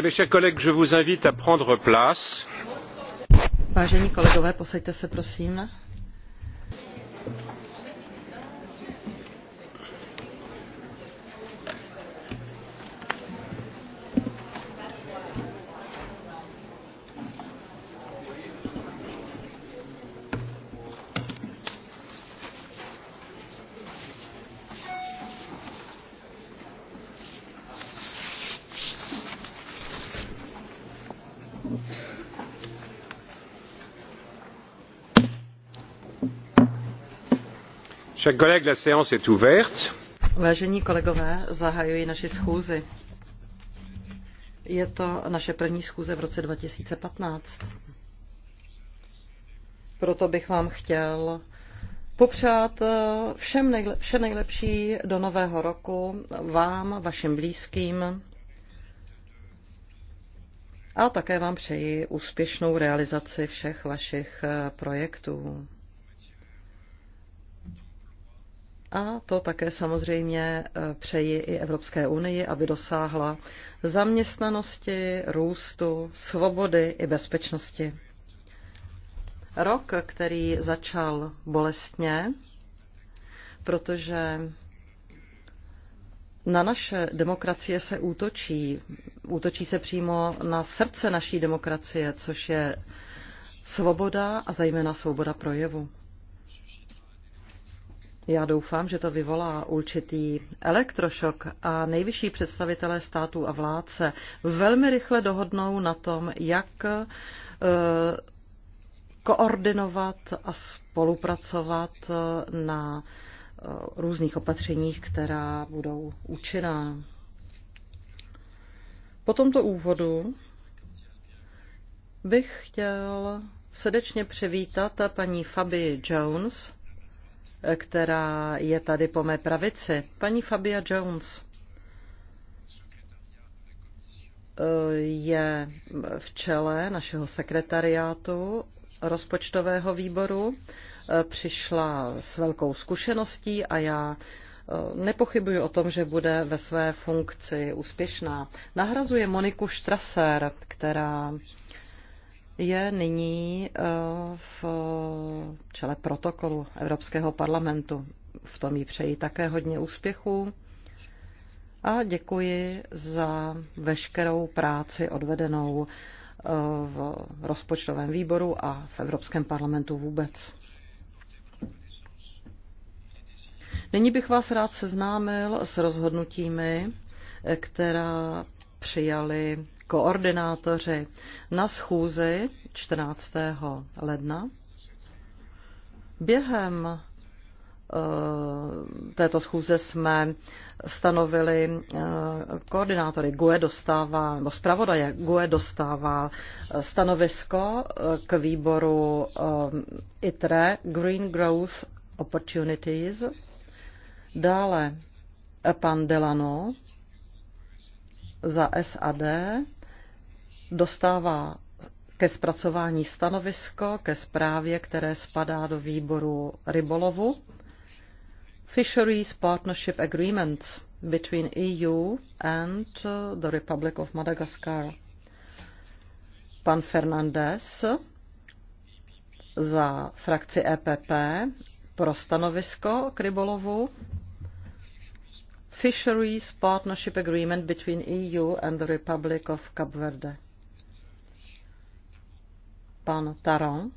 mes chers collègues, je vous invite à prendre place. Vážení kolegové, zahajuji naši schůzi. Je to naše první schůze v roce 2015. Proto bych vám chtěl popřát eh, všem nejle, vše nejlepší do nového roku vám, vašim blízkým a také vám přeji úspěšnou realizaci všech vašich eh, projektů. A to také samozřejmě e, přeji i Evropské unii, aby dosáhla zaměstnanosti, růstu, svobody i bezpečnosti. Rok, který začal bolestně, protože na naše demokracie se útočí. Útočí se přímo na srdce naší demokracie, což je svoboda a zejména svoboda projevu. Já doufám, že to vyvolá určitý elektrošok a nejvyšší představitelé států a vládce velmi rychle dohodnou na tom, jak e, koordinovat a spolupracovat e, na e, různých opatřeních, která budou účinná. Po tomto úvodu bych chtěl srdečně přivítat paní Fabi Jones, která je tady po mé pravici, paní Fabia Jones je v čele našeho sekretariátu rozpočtového výboru. Přišla s velkou zkušeností a já eh, nepochybuji o tom, že bude ve své funkci úspěšná. Nahrazuje Moniku Strasser, která je nyní eh, v čele protokolu Evropského parlamentu. V tom jí přeji také hodně úspěchů a děkuji za veškerou práci odvedenou eh, v rozpočtovém výboru a v Evropském parlamentu vůbec. Nyní bych vás rád seznámil s rozhodnutími, eh, která přijali koordinátoři na schůzi 14. ledna. Během eh, této schůze jsme stanovili eh, koordinátory. GUE dostává, nebo zpravodaje GUE dostává eh, stanovisko k výboru ITRE Green Growth Opportunities. Dále pan Delano za SAD dostává ke zpracování stanovisko, ke zprávě, které spadá do výboru rybolovu. Fisheries Partnership Agreements between EU and the Republic of Madagascar. Pan Fernandez za frakci EPP pro stanovisko k rybolovu Fisheries Partnership Agreement between EU and the Republic of Cape Verde. Pan Taron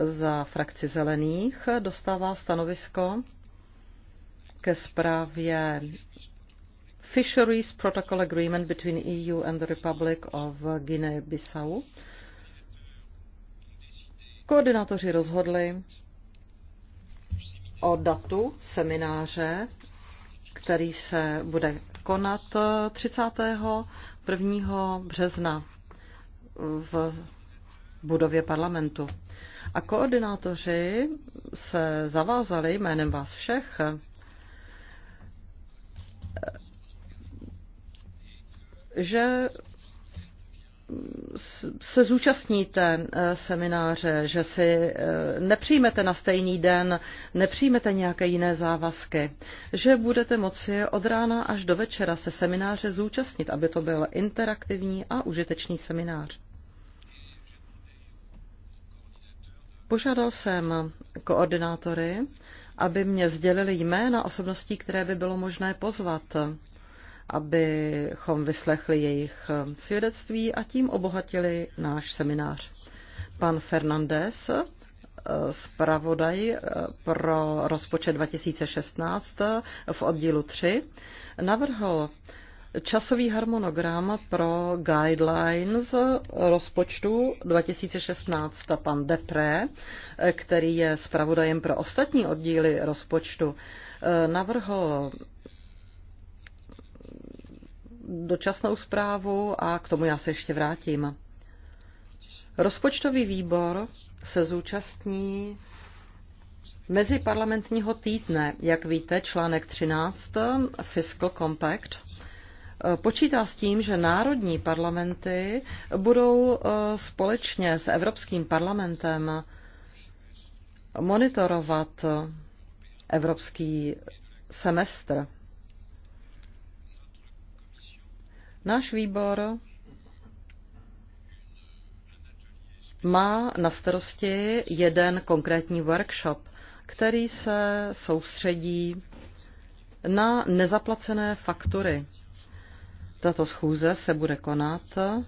za frakci zelených dostává stanovisko ke zprávě Fisheries Protocol Agreement between EU and the Republic of Guinea-Bissau. Koordinátoři rozhodli o datu semináře, který se bude konat 31. března v budově parlamentu. A koordinátoři se zavázali jménem vás všech že se zúčastníte eh, semináře, že si eh, nepřijmete na stejný den, nepřijmete nějaké jiné závazky, že budete moci od rána až do večera se semináře zúčastnit, aby to byl interaktivní a užitečný seminář. Požádal jsem koordinátory, aby mě sdělili jména osobností, které by bylo možné pozvat, abychom vyslechli jejich svědectví a tím obohatili náš seminář. Pan Fernandez, zpravodaj eh, pro rozpočet 2016 eh, v oddílu 3, navrhl časový harmonogram pro guidelines rozpočtu 2016 pan Depré, který je zpravodajem pro ostatní oddíly rozpočtu, eh, navrhl dočasnou zprávu a k tomu já se ještě vrátím. Rozpočtový výbor se zúčastní meziparlamentního týdne, jak víte, článek 13 Fiscal Compact Eh, počítá s tím, že národní parlamenty budou eh, společně s Evropským parlamentem monitorovat evropský semestr. Náš výbor má na starosti jeden konkrétní workshop, který se soustředí na nezaplacené faktury tato schůze se bude konat eh,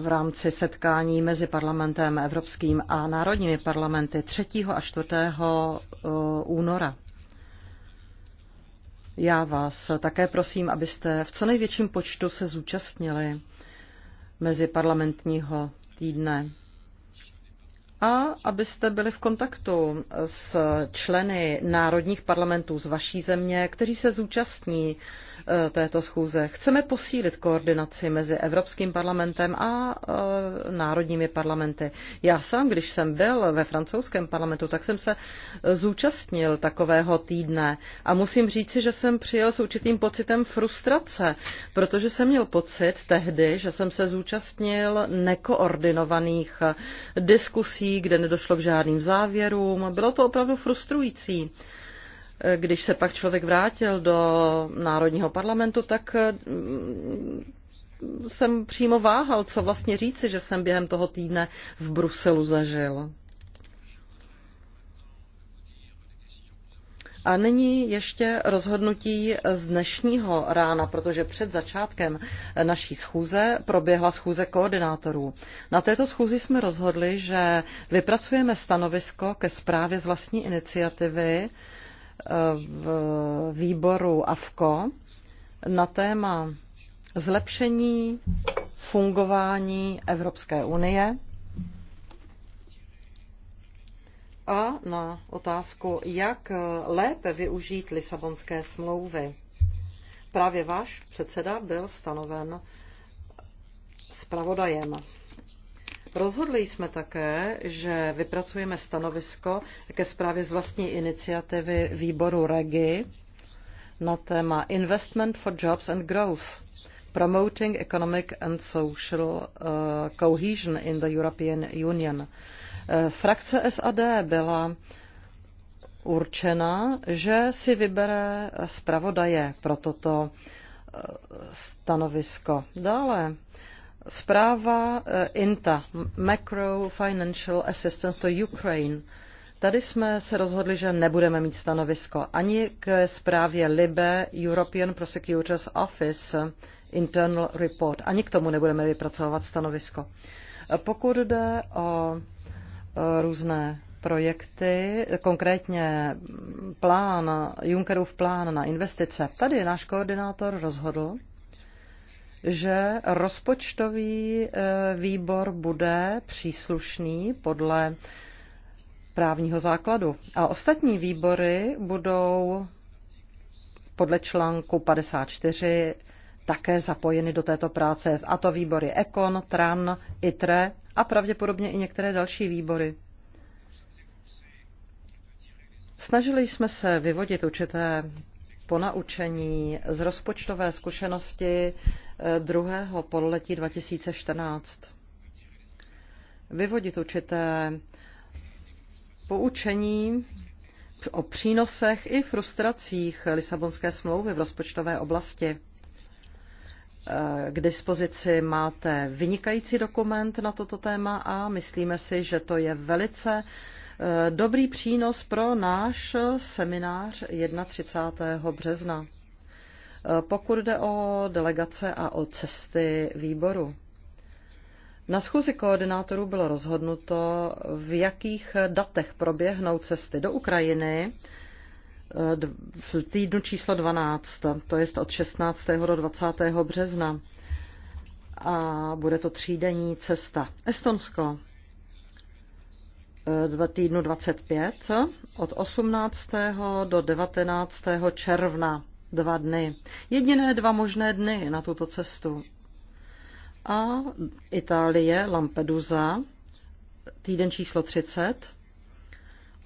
v rámci setkání mezi parlamentem evropským a národními parlamenty 3. a 4. Eh, února. Já vás také prosím, abyste v co největším počtu se zúčastnili mezi parlamentního týdne a abyste byli v kontaktu s členy národních parlamentů z vaší země, kteří se zúčastní e, této schůze. Chceme posílit koordinaci mezi Evropským parlamentem a e, národními parlamenty. Já sám, když jsem byl ve francouzském parlamentu, tak jsem se zúčastnil takového týdne a musím říci, že jsem přijel s určitým pocitem frustrace, protože jsem měl pocit tehdy, že jsem se zúčastnil nekoordinovaných diskusí konferencí, kde nedošlo k žádným závěrům. Bylo to opravdu frustrující. Když se pak člověk vrátil do Národního parlamentu, tak mm, jsem přímo váhal, co vlastně říci, že jsem během toho týdne v Bruselu zažil. A nyní ještě rozhodnutí z dnešního rána, protože před začátkem naší schůze proběhla schůze koordinátorů. Na této schůzi jsme rozhodli, že vypracujeme stanovisko ke zprávě z vlastní iniciativy eh, v výboru AFKO na téma zlepšení fungování Evropské unie a na otázku, jak lépe využít Lisabonské smlouvy. Právě váš předseda byl stanoven zpravodajem. Rozhodli jsme také, že vypracujeme stanovisko ke zprávě z vlastní iniciativy výboru REGI na téma Investment for Jobs and Growth Promoting Economic and Social uh, Cohesion in the European Union. Eh, frakce SAD byla určena, že si vybere zpravodaje pro toto eh, stanovisko. Dále zpráva eh, INTA, Macro Financial Assistance to Ukraine. Tady jsme se rozhodli, že nebudeme mít stanovisko ani k zprávě LIBE European Prosecutors Office Internal Report. Ani k tomu nebudeme vypracovat stanovisko. Pokud jde o různé projekty, konkrétně plán, Junckerův plán na investice. Tady náš koordinátor rozhodl, že rozpočtový eh, výbor bude příslušný podle právního základu a ostatní výbory budou podle článku 54 také zapojeny do této práce. A to výbory Ekon, TRAN, ITRE a pravděpodobně i některé další výbory. Snažili jsme se vyvodit určité ponaučení z rozpočtové zkušenosti eh, druhého pololetí 2014. Vyvodit určité poučení o přínosech i frustracích Lisabonské smlouvy v rozpočtové oblasti. Eh, k dispozici máte vynikající dokument na toto téma a myslíme si, že to je velice eh, dobrý přínos pro náš seminář 31. března. Eh, pokud jde o delegace a o cesty výboru. Na schůzi koordinátorů bylo rozhodnuto, v jakých datech proběhnou cesty do Ukrajiny, v týdnu číslo 12, to je od 16. do 20. března. A bude to třídenní cesta. Estonsko, e, v týdnu 25, od 18. do 19. června, dva dny. Jediné dva možné dny na tuto cestu. A Itálie, Lampedusa, týden číslo 30,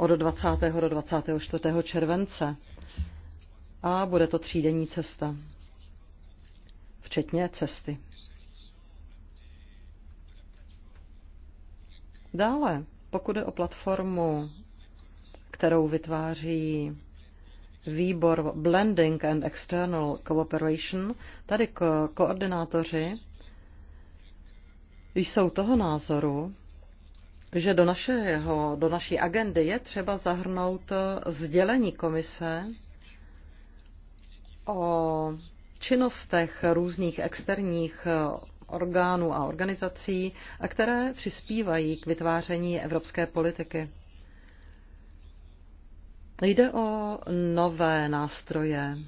od 20. do 24. července. A bude to třídenní cesta, včetně cesty. Dále, pokud je o platformu, kterou vytváří výbor Blending and External Cooperation, tady ko- koordinátoři jsou toho názoru, že do, našeho, do naší agendy je třeba zahrnout eh, sdělení komise o činnostech různých externích eh, orgánů a organizací, které přispívají k vytváření evropské politiky. Jde o nové nástroje,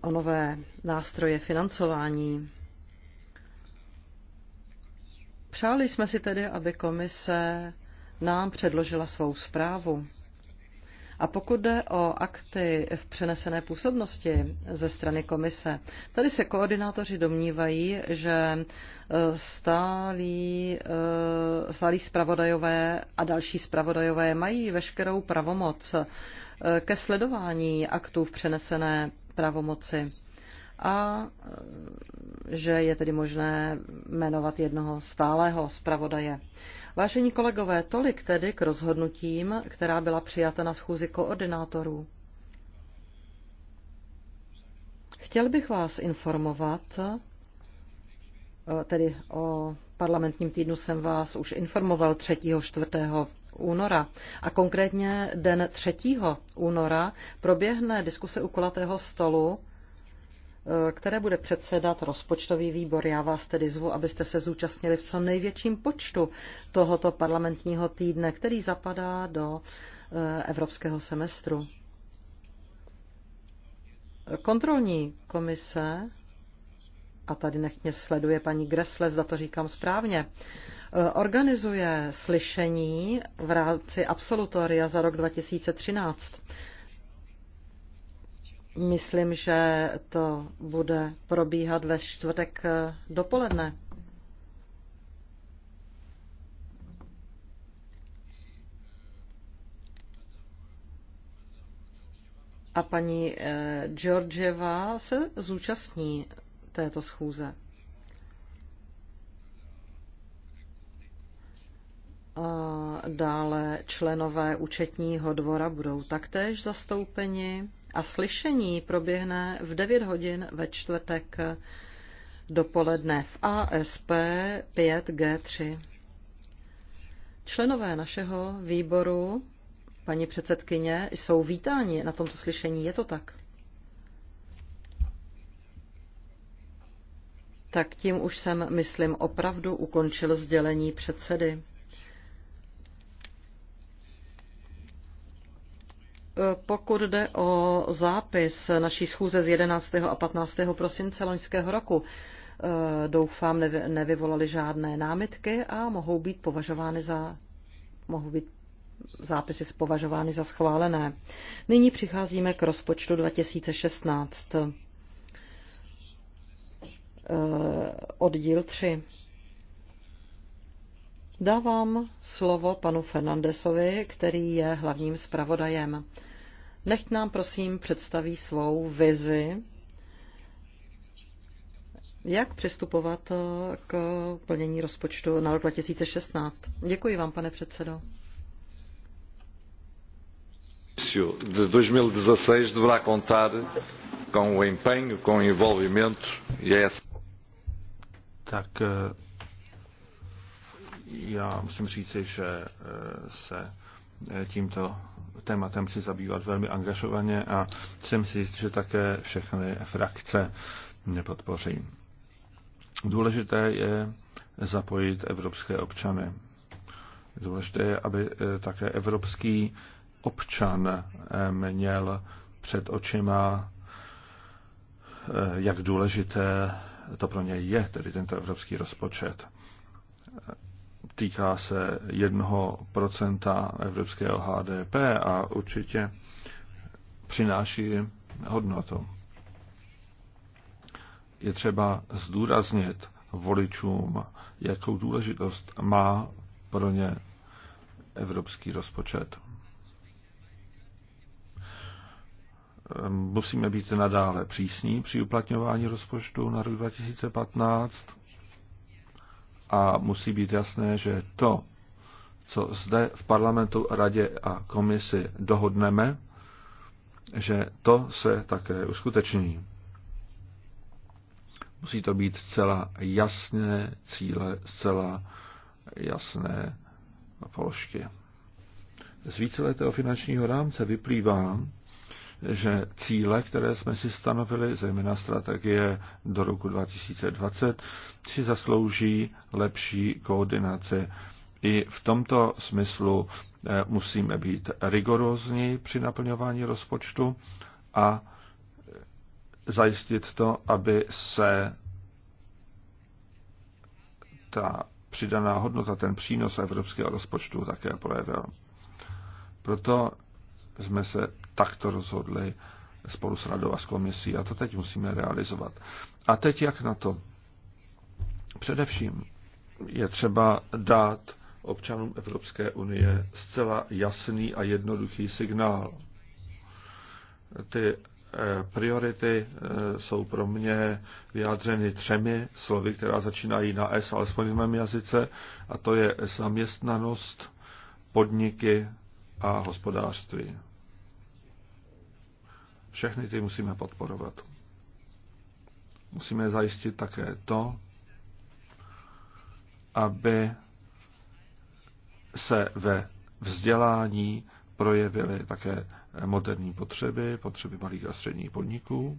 o nové nástroje financování Přáli jsme si tedy, aby komise nám předložila svou zprávu. A pokud jde o akty v přenesené působnosti ze strany komise, tady se koordinátoři domnívají, že eh, stálí, eh, stálí spravodajové a další spravodajové mají veškerou pravomoc eh, ke sledování aktů v přenesené pravomoci a že je tedy možné jmenovat jednoho stálého zpravodaje. Vážení kolegové, tolik tedy k rozhodnutím, která byla přijata na schůzi koordinátorů. Chtěl bych vás informovat, tedy o parlamentním týdnu jsem vás už informoval 3. 4 února. A konkrétně den 3. února proběhne diskuse u kulatého stolu Eh, které bude předsedat rozpočtový výbor. Já vás tedy zvu, abyste se zúčastnili v co největším počtu tohoto parlamentního týdne, který zapadá do eh, evropského semestru. Kontrolní komise, a tady nech mě sleduje paní Gresle, zda to říkám správně, eh, organizuje slyšení v rámci absolutoria za rok 2013. Myslím, že to bude probíhat ve čtvrtek eh, dopoledne. A paní eh, Georgieva se zúčastní této schůze. A dále členové účetního dvora budou taktéž zastoupeni a slyšení proběhne v 9 hodin ve čtvrtek dopoledne v ASP 5G3. Členové našeho výboru, paní předsedkyně, jsou vítáni na tomto slyšení. Je to tak? Tak tím už jsem, myslím, opravdu ukončil sdělení předsedy. Pokud jde o zápis naší schůze z 11. a 15. prosince loňského roku, eh, doufám, nevyvolali žádné námitky a mohou být považovány za mohou být zápisy považovány za schválené. Nyní přicházíme k rozpočtu 2016. Eh, oddíl 3. Dávám slovo panu Fernandesovi, který je hlavním zpravodajem. Nechť nám prosím představí svou vizi, jak přistupovat k plnění rozpočtu na rok 2016. Děkuji vám, pane předsedo. De 2016 deverá contar com o empenho, com o envolvimento e essa. Tak eh, já musím říci, že eh, se eh, tímto tématem si zabývat velmi angažovaně a jsem si jist, že také všechny frakce mě podpoří. Důležité je zapojit evropské občany. Důležité je, aby eh, také evropský občan měl před očima, jak důležité to pro něj je, tedy tento evropský rozpočet týká se jednoho procenta evropského HDP a určitě přináší hodnotu. Je třeba zdůraznit voličům, jakou důležitost má pro ně evropský rozpočet. Musíme být nadále přísní při uplatňování rozpočtu na rok 2015 a musí být jasné, že to, co zde v parlamentu, radě a komisi dohodneme, že to se také uskuteční. Musí to být zcela jasné cíle, zcela jasné položky. Z víceletého finančního rámce vyplývá, že cíle, které jsme si stanovili, zejména strategie do roku 2020, si zaslouží lepší koordinaci. I v tomto smyslu eh, musíme být rigorózní při naplňování rozpočtu a eh, zajistit to, aby se ta přidaná hodnota, ten přínos evropského rozpočtu také projevil. Proto jsme se takto rozhodli spolu s radou a s komisí a to teď musíme realizovat. A teď jak na to? Především je třeba dát občanům Evropské unie zcela jasný a jednoduchý signál. Ty eh, priority eh, jsou pro mě vyjádřeny třemi slovy, která začínají na S, alespoň v mém jazyce, a to je zaměstnanost, podniky a hospodářství. Všechny ty musíme podporovat. Musíme zajistit také to, aby se ve vzdělání projevily také moderní potřeby, potřeby malých a středních podniků.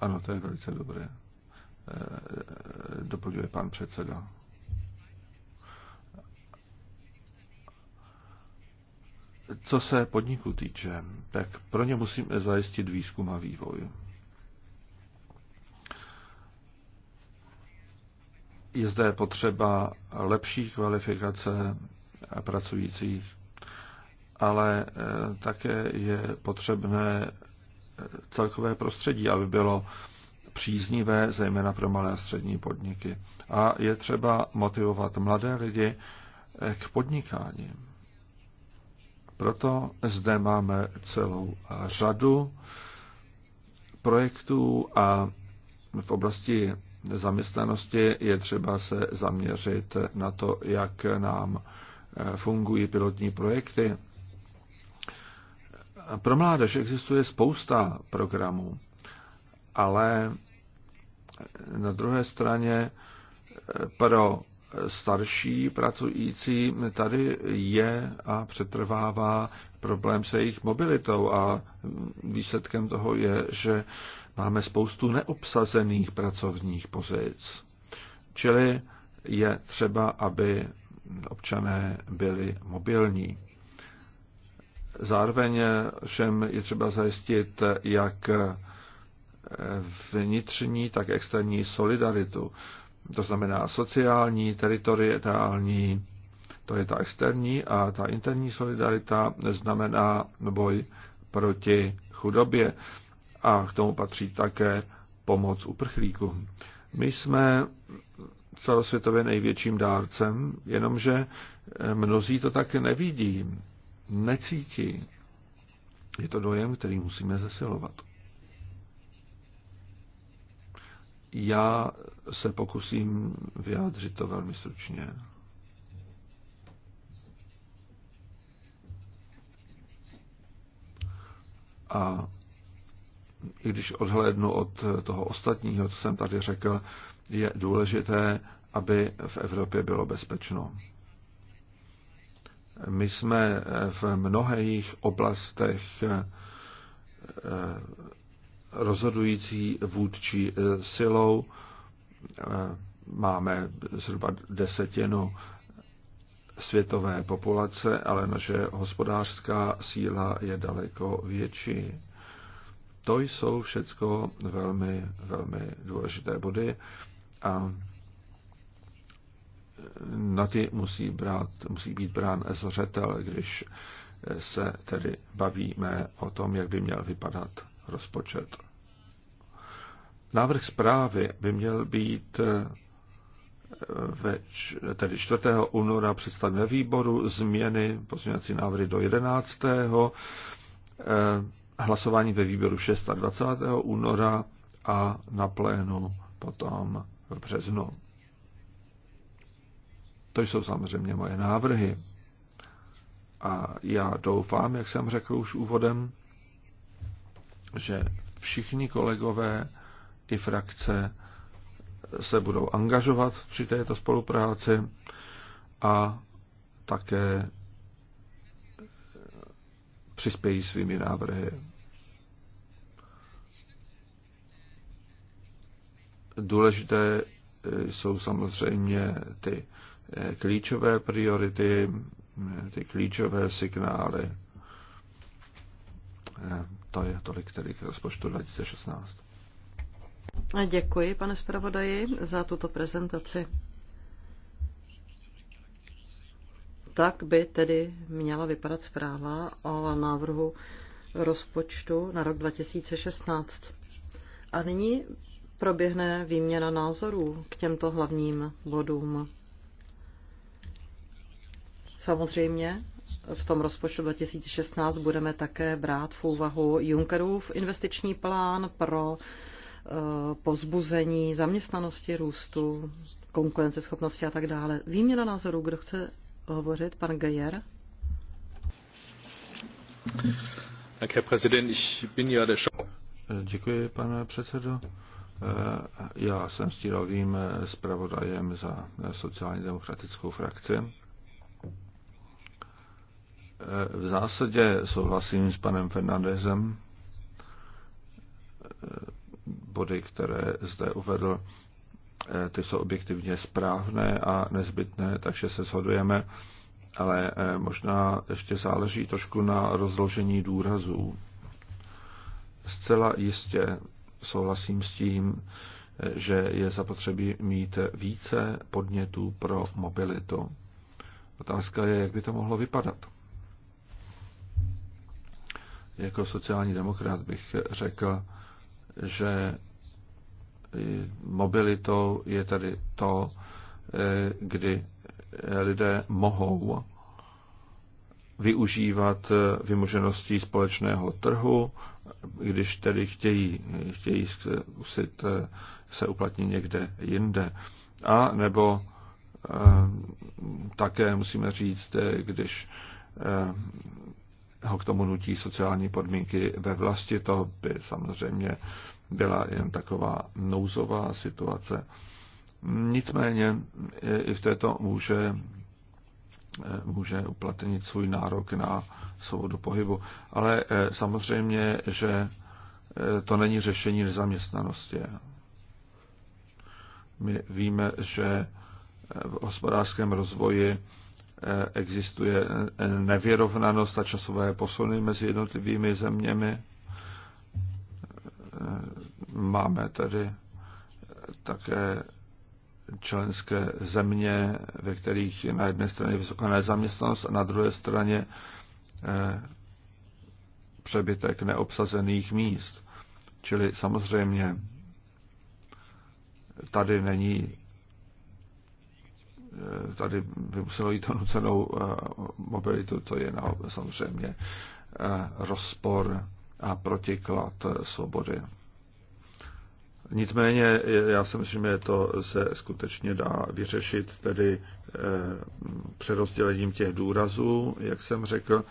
Ano, to je velice dobré, eh, doplňuje pan předseda. Co se podniku týče, tak pro ně musíme zajistit výzkum a vývoj. Je zde potřeba lepší kvalifikace pracujících, ale eh, také je potřebné eh, celkové prostředí, aby bylo příznivé, zejména pro malé a střední podniky. A je třeba motivovat mladé lidi eh, k podnikání. Proto zde máme celou řadu projektů a v oblasti zaměstnanosti je třeba se zaměřit na to, jak nám eh, fungují pilotní projekty. Pro mládež existuje spousta programů, ale na druhé straně eh, pro starší pracující, tady je a přetrvává problém se jejich mobilitou a výsledkem toho je, že máme spoustu neobsazených pracovních pozic. Čili je třeba, aby občané byli mobilní. Zároveň všem je třeba zajistit jak vnitřní, tak externí solidaritu. To znamená sociální, teritoriální, to je ta externí a ta interní solidarita znamená boj proti chudobě a k tomu patří také pomoc uprchlíkům. My jsme celosvětově největším dárcem, jenomže mnozí to tak nevidí, necítí. Je to dojem, který musíme zesilovat. Já se pokusím vyjádřit to velmi stručně. A i když odhlédnu od toho ostatního, co jsem tady řekl, je důležité, aby v Evropě bylo bezpečno. My jsme v mnohých oblastech eh, rozhodující vůdčí eh, silou. Eh, máme zhruba desetinu světové populace, ale naše hospodářská síla je daleko větší. To jsou všecko velmi, velmi důležité body a na ty musí, brát, musí být brán zřetel, když se tedy bavíme o tom, jak by měl vypadat rozpočet. Návrh zprávy by měl být eh, ve, tedy 4. února představen ve výboru, změny, pozměňovací návrhy do 11. Eh, hlasování ve výboru 26. února a na plénu potom v březnu. To jsou samozřejmě moje návrhy. A já doufám, jak jsem řekl už úvodem, že všichni kolegové i frakce se budou angažovat při této spolupráci a také přispějí svými návrhy. Důležité jsou samozřejmě ty eh, klíčové priority, eh, ty klíčové signály eh, to je tolik tedy k rozpočtu 2016. Děkuji, pane zpravodaji, za tuto prezentaci. Tak by tedy měla vypadat zpráva o návrhu rozpočtu na rok 2016. A nyní proběhne výměna názorů k těmto hlavním bodům. Samozřejmě v tom rozpočtu 2016 budeme také brát v úvahu Junckerův investiční plán pro eh, pozbuzení zaměstnanosti, růstu, konkurenceschopnosti a tak dále. Výměna názoru, kdo chce hovořit? Pan Geyer? Eh, děkuji, pane předsedo. Eh, já jsem stílovým zpravodajem za sociálně demokratickou frakci. V zásadě souhlasím s panem Fernandezem. Body, které zde uvedl, ty jsou objektivně správné a nezbytné, takže se shodujeme, ale eh, možná ještě záleží trošku na rozložení důrazů. Zcela jistě souhlasím s tím, eh, že je zapotřebí mít více podnětů pro mobilitu. Otázka je, jak by to mohlo vypadat jako sociální demokrat bych řekl, že mobilitou je tady to, e, kdy e, lidé mohou využívat e, vymožeností společného trhu, když tedy chtějí, chtějí zkusit se uplatnit někde jinde. A nebo také musíme říct, když ho k tomu nutí sociální podmínky ve vlasti. To by samozřejmě byla jen taková nouzová situace. Nicméně i v této může, e, může uplatnit svůj nárok na svobodu pohybu. Ale e, samozřejmě, že e, to není řešení nezaměstnanosti. My víme, že v hospodářském rozvoji existuje eh, nevyrovnanost a časové posuny mezi jednotlivými zeměmi. Eh, máme tady také členské země, ve kterých je na jedné straně vysoká nezaměstnanost a na druhé straně eh, přebytek neobsazených míst. Čili samozřejmě tady není Eh, tady by muselo jít o nucenou eh, mobilitu, to je na, samozřejmě eh, rozpor a protiklad svobody. Nicméně já si myslím, že to se skutečně dá vyřešit tedy přerozdělením těch důrazů, jak jsem řekl.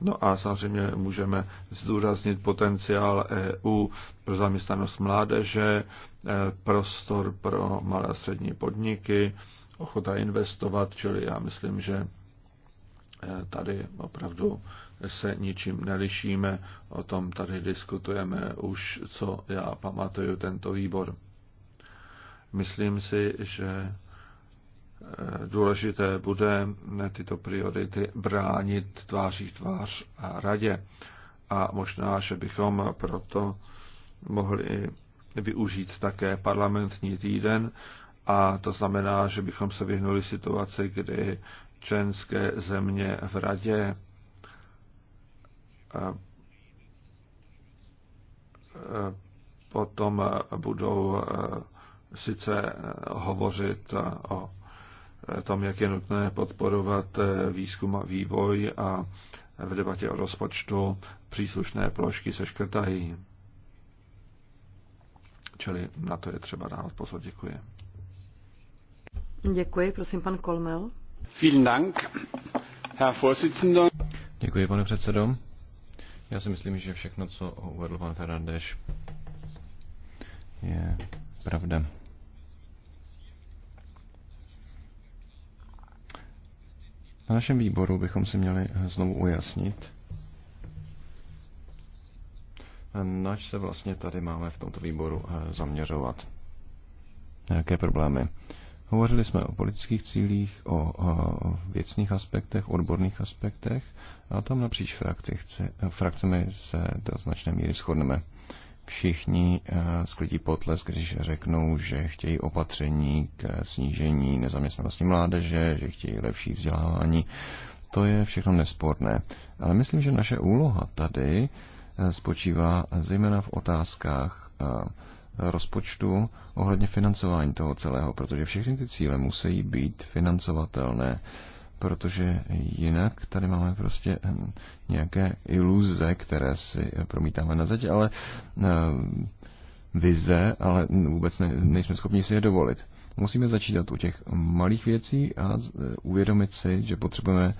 No a samozřejmě můžeme zdůraznit potenciál EU pro zaměstnanost mládeže, prostor pro malé a střední podniky, ochota investovat, čili já myslím, že eh, tady opravdu se ničím nelišíme, o tom tady diskutujeme už, co já pamatuju, tento výbor. Myslím si, že eh, důležité bude eh, tyto priority bránit tváří tvář a radě. A možná, že bychom proto mohli využít také parlamentní týden, a to znamená, že bychom se vyhnuli situaci, kdy členské země v radě potom budou sice hovořit o tom, jak je nutné podporovat výzkum a vývoj a v debatě o rozpočtu příslušné plošky se škrtají. Čili na to je třeba dát pozor. Děkuji. Děkuji, prosím, pan Kolmel. Vielen Dank, Herr Vorsitzender. Děkuji, pane předsedo. Já si myslím, že všechno, co uvedl pan Ferrandeš, je pravda. Na našem výboru bychom si měli znovu ujasnit, nač se vlastně tady máme v tomto výboru eh, zaměřovat. Jaké problémy? Hovořili jsme o politických cílích, o, o věcných aspektech, odborných aspektech a tam napříč frakci chci, frakcemi se do značné míry shodneme. Všichni eh, sklidí potlesk, když řeknou, že chtějí opatření k snížení nezaměstnanosti mládeže, že chtějí lepší vzdělávání. To je všechno nesporné. Ale myslím, že naše úloha tady eh, spočívá zejména v otázkách eh, rozpočtu ohledně financování toho celého, protože všechny ty cíle musí být financovatelné, protože jinak tady máme prostě ehm, nějaké iluze, které si eh, promítáme na zeď, ale ehm, vize, ale vůbec ne, nejsme schopni si je dovolit. Musíme začítat u těch malých věcí a eh, uvědomit si, že potřebujeme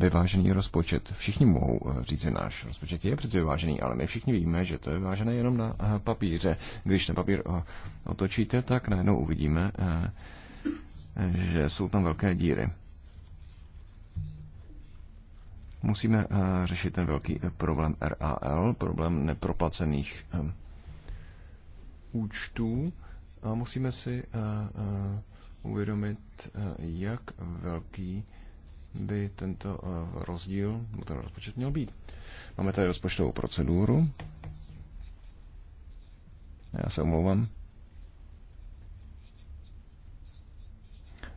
vyvážený rozpočet. Všichni mohou eh, říct, že náš rozpočet je přece vyvážený, ale my všichni víme, že to je vyvážené jenom na eh, papíře. Když ten papír eh, otočíte, tak najednou uvidíme, že jsou tam velké díry. Musíme řešit ten velký problém RAL, problém neproplacených účtů a musíme si uvědomit, jak velký by tento eh, rozdíl, ten rozpočet měl být. Máme tady rozpočtovou proceduru. Já se omlouvám.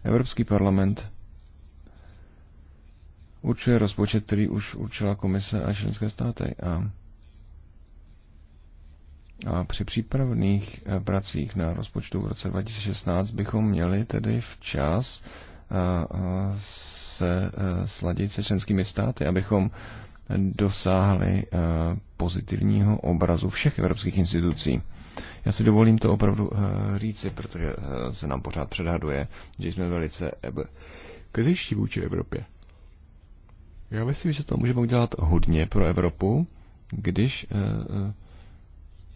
Evropský parlament určuje rozpočet, který už určila komise a členské státy. A, a při přípravných eh, pracích na rozpočtu v roce 2016 bychom měli tedy včas a, eh, a, se eh, sladit se členskými státy, abychom dosáhli eh, pozitivního obrazu všech evropských institucí. Já si dovolím to opravdu eh, říci, protože se nám pořád předhaduje, že jsme velice kritičtí vůči Evropě. Já myslím, že to můžeme udělat hodně pro Evropu, když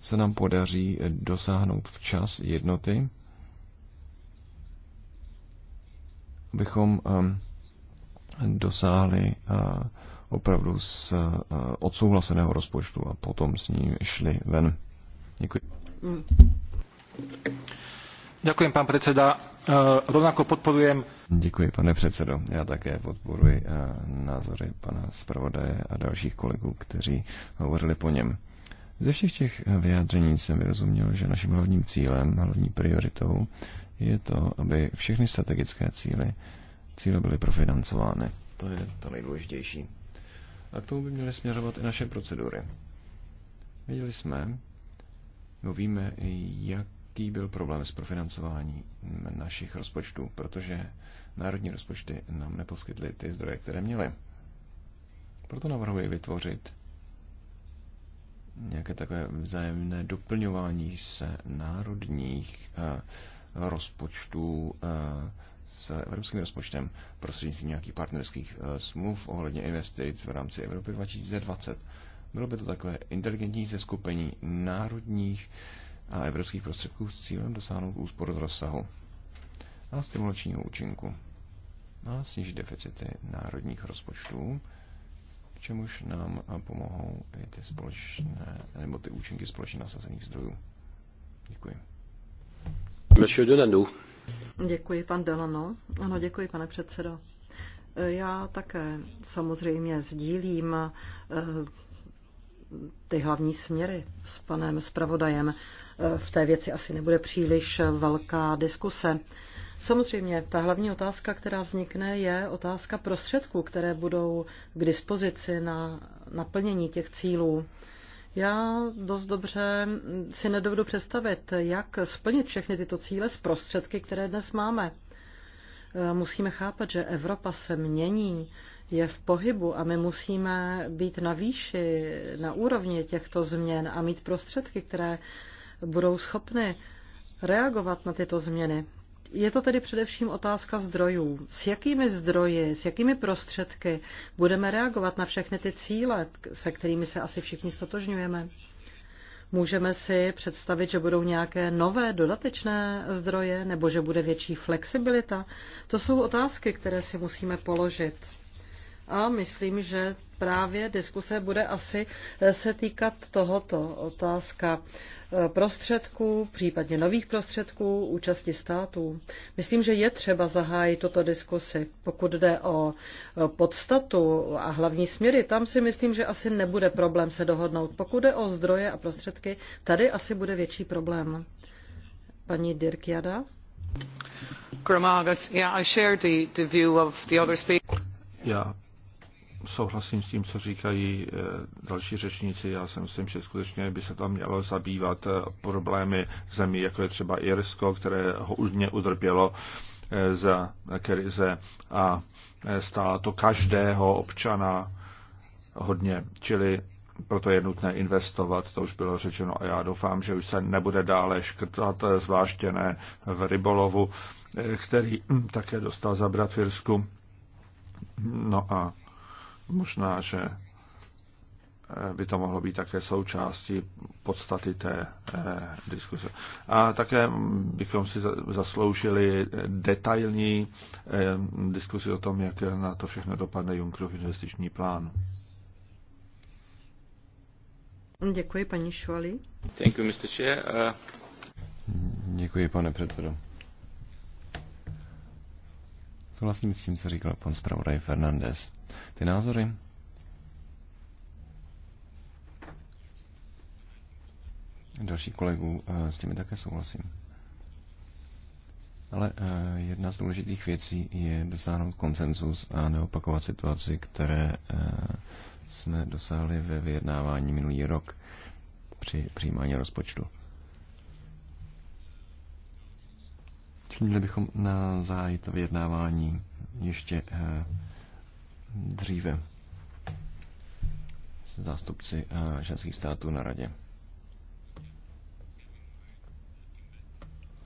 se nám podaří dosáhnout včas jednoty, abychom um, dosáhli eh, opravdu z eh, odsouhlaseného rozpočtu a potom s ním šli ven. Děkuji. Děkuji, pan předseda. Eh, rovnako podporujem. Děkuji, pane předsedo. Já také podporuji názory pana zpravodaje a dalších kolegů, kteří hovořili po něm. Ze všech těch vyjádření jsem vyrozuměl, že naším hlavním cílem, hlavní prioritou je to, aby všechny strategické cíly cíle byly profinancovány. To je to nejdůležitější. A k tomu by měly směřovat i naše procedury. Viděli jsme, no víme, jaký byl problém s profinancováním našich rozpočtů, protože národní rozpočty nám neposkytly ty zdroje, které měly. Proto navrhuji vytvořit nějaké takové vzájemné doplňování se národních eh, rozpočtů eh, s evropským rozpočtem prostřednictvím nějakých partnerských eh, smluv ohledně investic v rámci Evropy 2020. Bylo by to takové inteligentní zeskupení národních a evropských prostředků s cílem dosáhnout úspor z rozsahu a stimulačního účinku a snížit deficity národních rozpočtů, k čemuž nám pomohou i ty společné, nebo ty účinky společně nasazených zdrojů. Děkuji. Monsieur Delano. Děkuji, pan Delano. Ano, děkuji, pane předsedo. Já také samozřejmě sdílím eh, ty hlavní směry s panem zpravodajem. Eh, v té věci asi nebude příliš velká diskuse. Samozřejmě, ta hlavní otázka, která vznikne, je otázka prostředků, které budou k dispozici na naplnění těch cílů. Já dost dobře si nedovedu představit, jak splnit všechny tyto cíle z prostředky, které dnes máme. E, musíme chápat, že Evropa se mění, je v pohybu a my musíme být na výši, na úrovni těchto změn a mít prostředky, které budou schopny reagovat na tyto změny je to tedy především otázka zdrojů. S jakými zdroji, s jakými prostředky budeme reagovat na všechny ty cíle, se kterými se asi všichni stotožňujeme? Můžeme si představit, že budou nějaké nové dodatečné zdroje nebo že bude větší flexibilita? To jsou otázky, které si musíme položit. A myslím, že právě diskuse bude asi eh, se týkat tohoto otázka eh, prostředků, případně nových prostředků, účasti států. Myslím, že je třeba zahájit tuto diskusi. Pokud jde o eh, podstatu a hlavní směry, tam si myslím, že asi nebude problém se dohodnout. Pokud jde o zdroje a prostředky, tady asi bude větší problém. Paní Dirkiada? Já souhlasím s tím, co říkají eh, další řečníci. Já si myslím, že skutečně by se tam mělo zabývat eh, problémy zemí, jako je třeba Irsko, které ho mě udrpělo eh, za krize a stála to každého občana hodně. Čili proto je nutné investovat, to už bylo řečeno a já doufám, že už se nebude dále škrtat, zvláště ne v rybolovu, který hm, také dostal zabrat v Irsku. No a Možná, že eh, by to mohlo být také součástí podstaty té eh, diskuse. A také bychom si zasloužili eh, detailní diskusi o tom, jak na to všechno dopadne Junckerův investiční plán. Děkuji, paní Švali. Thank you, Mr. Chair. Uh... Děkuji, pane předsedo. Souhlasím s tím, co říkal pan zpravodaj Fernandez ty názory? Další kolegů eh, s těmi také souhlasím. Ale eh, jedna z důležitých věcí je dosáhnout konsenzus a neopakovat situaci, které eh, jsme dosáhli ve vyjednávání minulý rok při přijímání rozpočtu. Čili měli bychom na zájít vyjednávání ještě dříve s zástupci eh, ženských států na radě.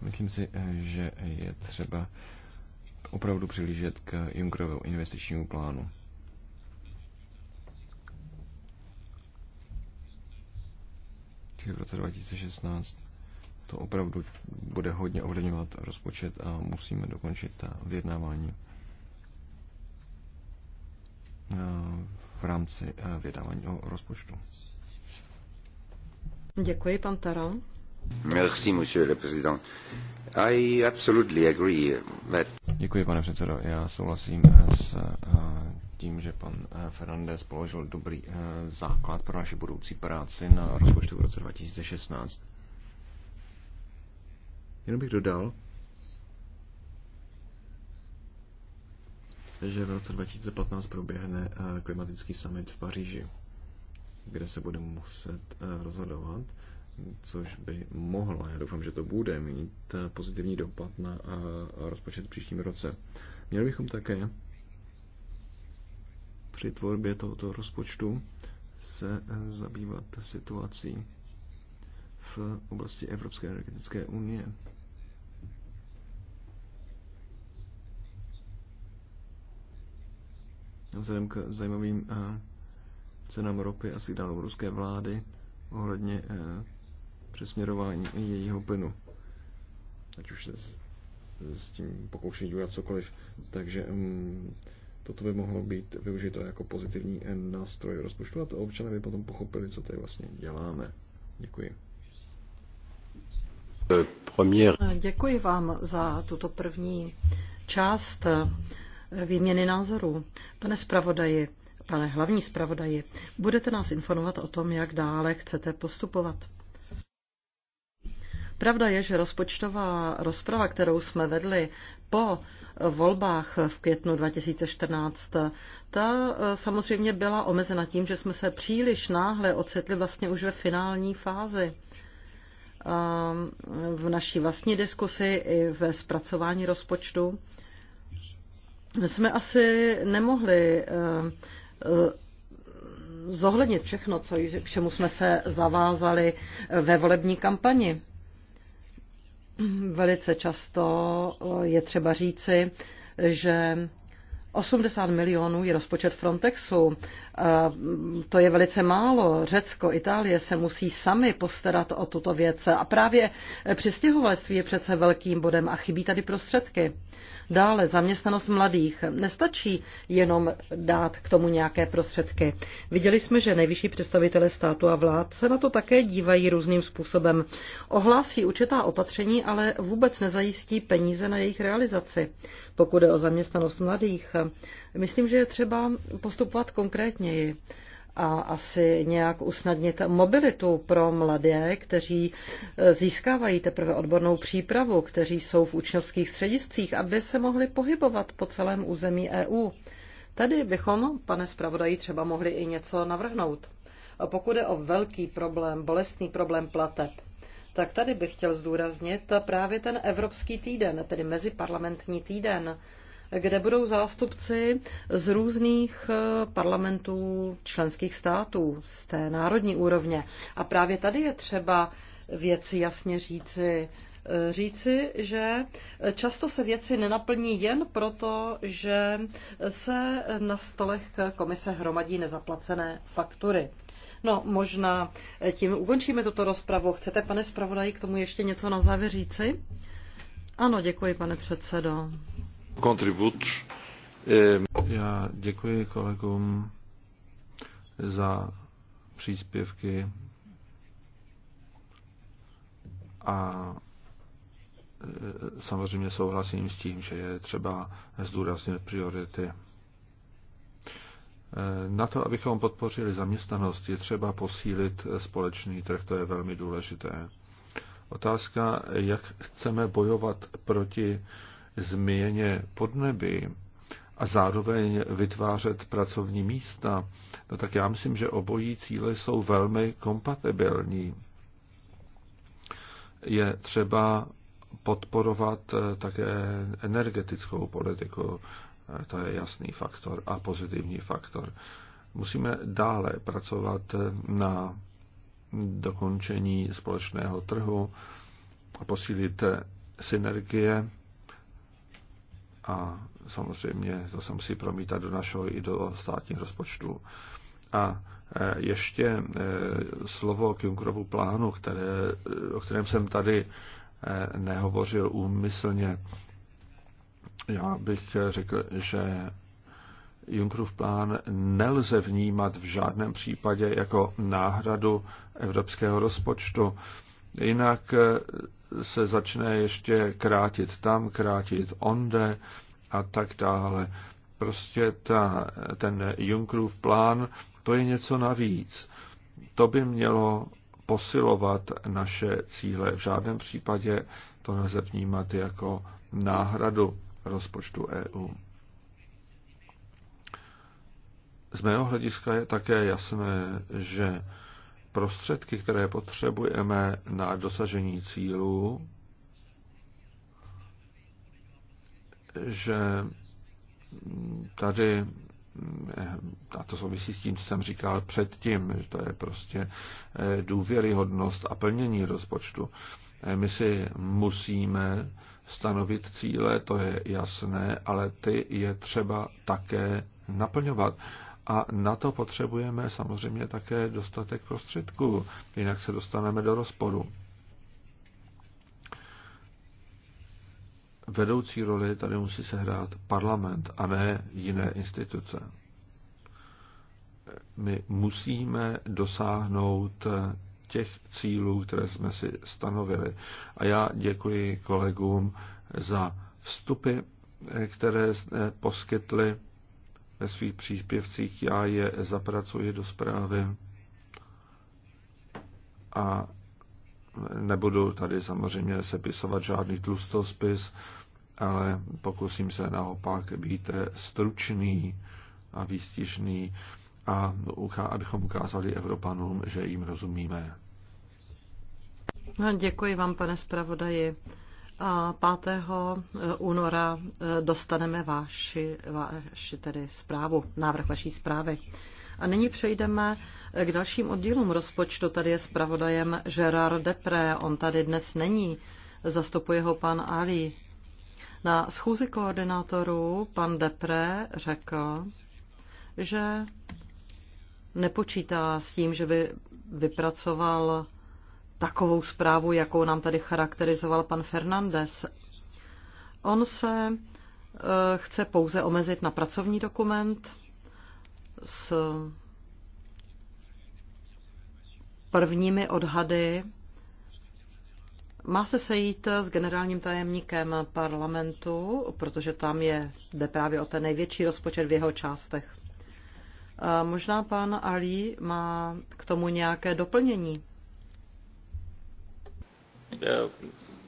Myslím si, eh, že je třeba opravdu přilížet k Junckerovému investičnímu plánu. Čili v roce 2016 to opravdu bude hodně ovlivňovat rozpočet a musíme dokončit ta vyjednávání v rámci eh, vědávání o rozpočtu. Děkuji, pan Taro. Merci, monsieur le président. I absolutely agree that... Děkuji, pane předsedo. Já souhlasím s eh, tím, že pan eh, Fernandez položil dobrý základ pro naši budoucí práci na rozpočtu v roce 2016. Jenom bych dodal, že v roce 2015 proběhne eh, klimatický summit v Paříži, kde se bude muset eh, rozhodovat, což by mohlo, já doufám, že to bude mít eh, pozitivní dopad na rozpočet v příštím roce. Měli bychom také při tvorbě tohoto rozpočtu se zabývat situací v oblasti Evropské energetické unie vzhledem k zajímavým eh, cenám ropy a signálům ruské vlády ohledně eh, přesměrování jejího plynu. Ať už se s tím pokouší dělat cokoliv. Takže mm, toto by mohlo být využito jako pozitivní eh, nástroj rozpočtu a to občané by potom pochopili, co tady vlastně děláme. Děkuji. Euh, Děkuji vám za tuto první část výměny názorů. Pane zpravodaji, pane hlavní zpravodaji, budete nás informovat o tom, jak dále chcete postupovat. Pravda je, že rozpočtová rozprava, kterou jsme vedli po volbách v květnu 2014, ta e, samozřejmě byla omezena tím, že jsme se příliš náhle ocitli vlastně už ve finální fázi v naší vlastní diskusi i ve zpracování rozpočtu jsme asi nemohli eh, eh, zohlednit všechno, co, k čemu jsme se zavázali eh, ve volební kampani. Velice často je třeba říci, že 80 milionů je rozpočet Frontexu. To je velice málo. Řecko, Itálie se musí sami postarat o tuto věc. A právě přistěhovalství je přece velkým bodem a chybí tady prostředky. Dále zaměstnanost mladých. Nestačí jenom dát k tomu nějaké prostředky. Viděli jsme, že nejvyšší představitelé státu a vlád se na to také dívají různým způsobem. Ohlásí určitá opatření, ale vůbec nezajistí peníze na jejich realizaci. Pokud je o zaměstnanost mladých, myslím, že je třeba postupovat konkrétněji a asi nějak usnadnit mobilitu pro mladé, kteří eh, získávají teprve odbornou přípravu, kteří jsou v učňovských střediscích, aby se mohli pohybovat po celém území EU. Tady bychom, pane zpravodaji, třeba mohli i něco navrhnout. A Pokud je o velký problém, bolestný problém plateb, tak tady bych chtěl zdůraznit právě ten Evropský týden, tedy meziparlamentní týden, kde budou zástupci z různých eh, parlamentů členských států z té národní úrovně. A právě tady je třeba věci jasně říci, eh, říci, že často se věci nenaplní jen proto, že se na stolech komise hromadí nezaplacené faktury. No, možná tím ukončíme tuto rozpravu. Chcete, pane zpravodaji, k tomu ještě něco na závěr říci? Ano, děkuji, pane předsedo. Kontribut. Eh, Já děkuji kolegům za příspěvky a eh, samozřejmě souhlasím s tím, že je třeba zdůraznit priority. Eh, na to, abychom podpořili zaměstnanost, je třeba posílit společný trh, to je velmi důležité. Otázka, jak chceme bojovat proti změně podnebí a zároveň vytvářet pracovní místa, no tak já myslím, že obojí cíle jsou velmi kompatibilní. Je třeba podporovat také energetickou politiku, to je jasný faktor a pozitivní faktor. Musíme dále pracovat na dokončení společného trhu a posílit synergie a samozřejmě to se musí promítat do našeho i do státních rozpočtů. A e, ještě e, slovo k Junkrovu plánu, které, e, o kterém jsem tady nehovořil úmyslně. Já bych řekl, že Junckerův plán nelze vnímat v žádném případě jako náhradu evropského rozpočtu. Jinak se začne ještě krátit tam, krátit onde a tak dále. Prostě ta, ten Junkrův plán, to je něco navíc. To by mělo posilovat naše cíle. V žádném případě to nelze vnímat jako náhradu rozpočtu EU. Z mého hlediska je také jasné, že prostředky, které potřebujeme na dosažení cílu, že tady, a to souvisí s tím, co jsem říkal předtím, že to je prostě důvěryhodnost a plnění rozpočtu. My si musíme stanovit cíle, to je jasné, ale ty je třeba také naplňovat. A na to potřebujeme samozřejmě také dostatek prostředků, jinak se dostaneme do rozporu. Vedoucí roli tady musí sehrát parlament a ne jiné instituce. My musíme dosáhnout těch cílů, které jsme si stanovili. A já děkuji kolegům za vstupy, které poskytli ve svých příspěvcích, já je zapracuji do zprávy a nebudu tady samozřejmě sepisovat žádný tlustospis, ale pokusím se naopak být stručný a výstižný a abychom ukázali Evropanům, že jim rozumíme. No, děkuji vám, pane zpravodaji a 5. Eh, února eh, dostaneme vaši, vaši tedy zprávu, návrh vaší zprávy. A nyní přejdeme eh, k dalším oddílům rozpočtu. Tady je zpravodajem Gerard Depré, on tady dnes není, zastupuje ho pan Ali. Na schůzi koordinátorů pan Depré řekl, že nepočítá s tím, že by vypracoval takovou zprávu, jakou nám tady charakterizoval pan Fernandez. On se eh, chce pouze omezit na pracovní dokument s prvními odhady. Má se sejít s generálním tajemníkem parlamentu, protože tam je, jde právě o ten největší rozpočet v jeho částech. Možná pan Ali má k tomu nějaké doplnění. Eh,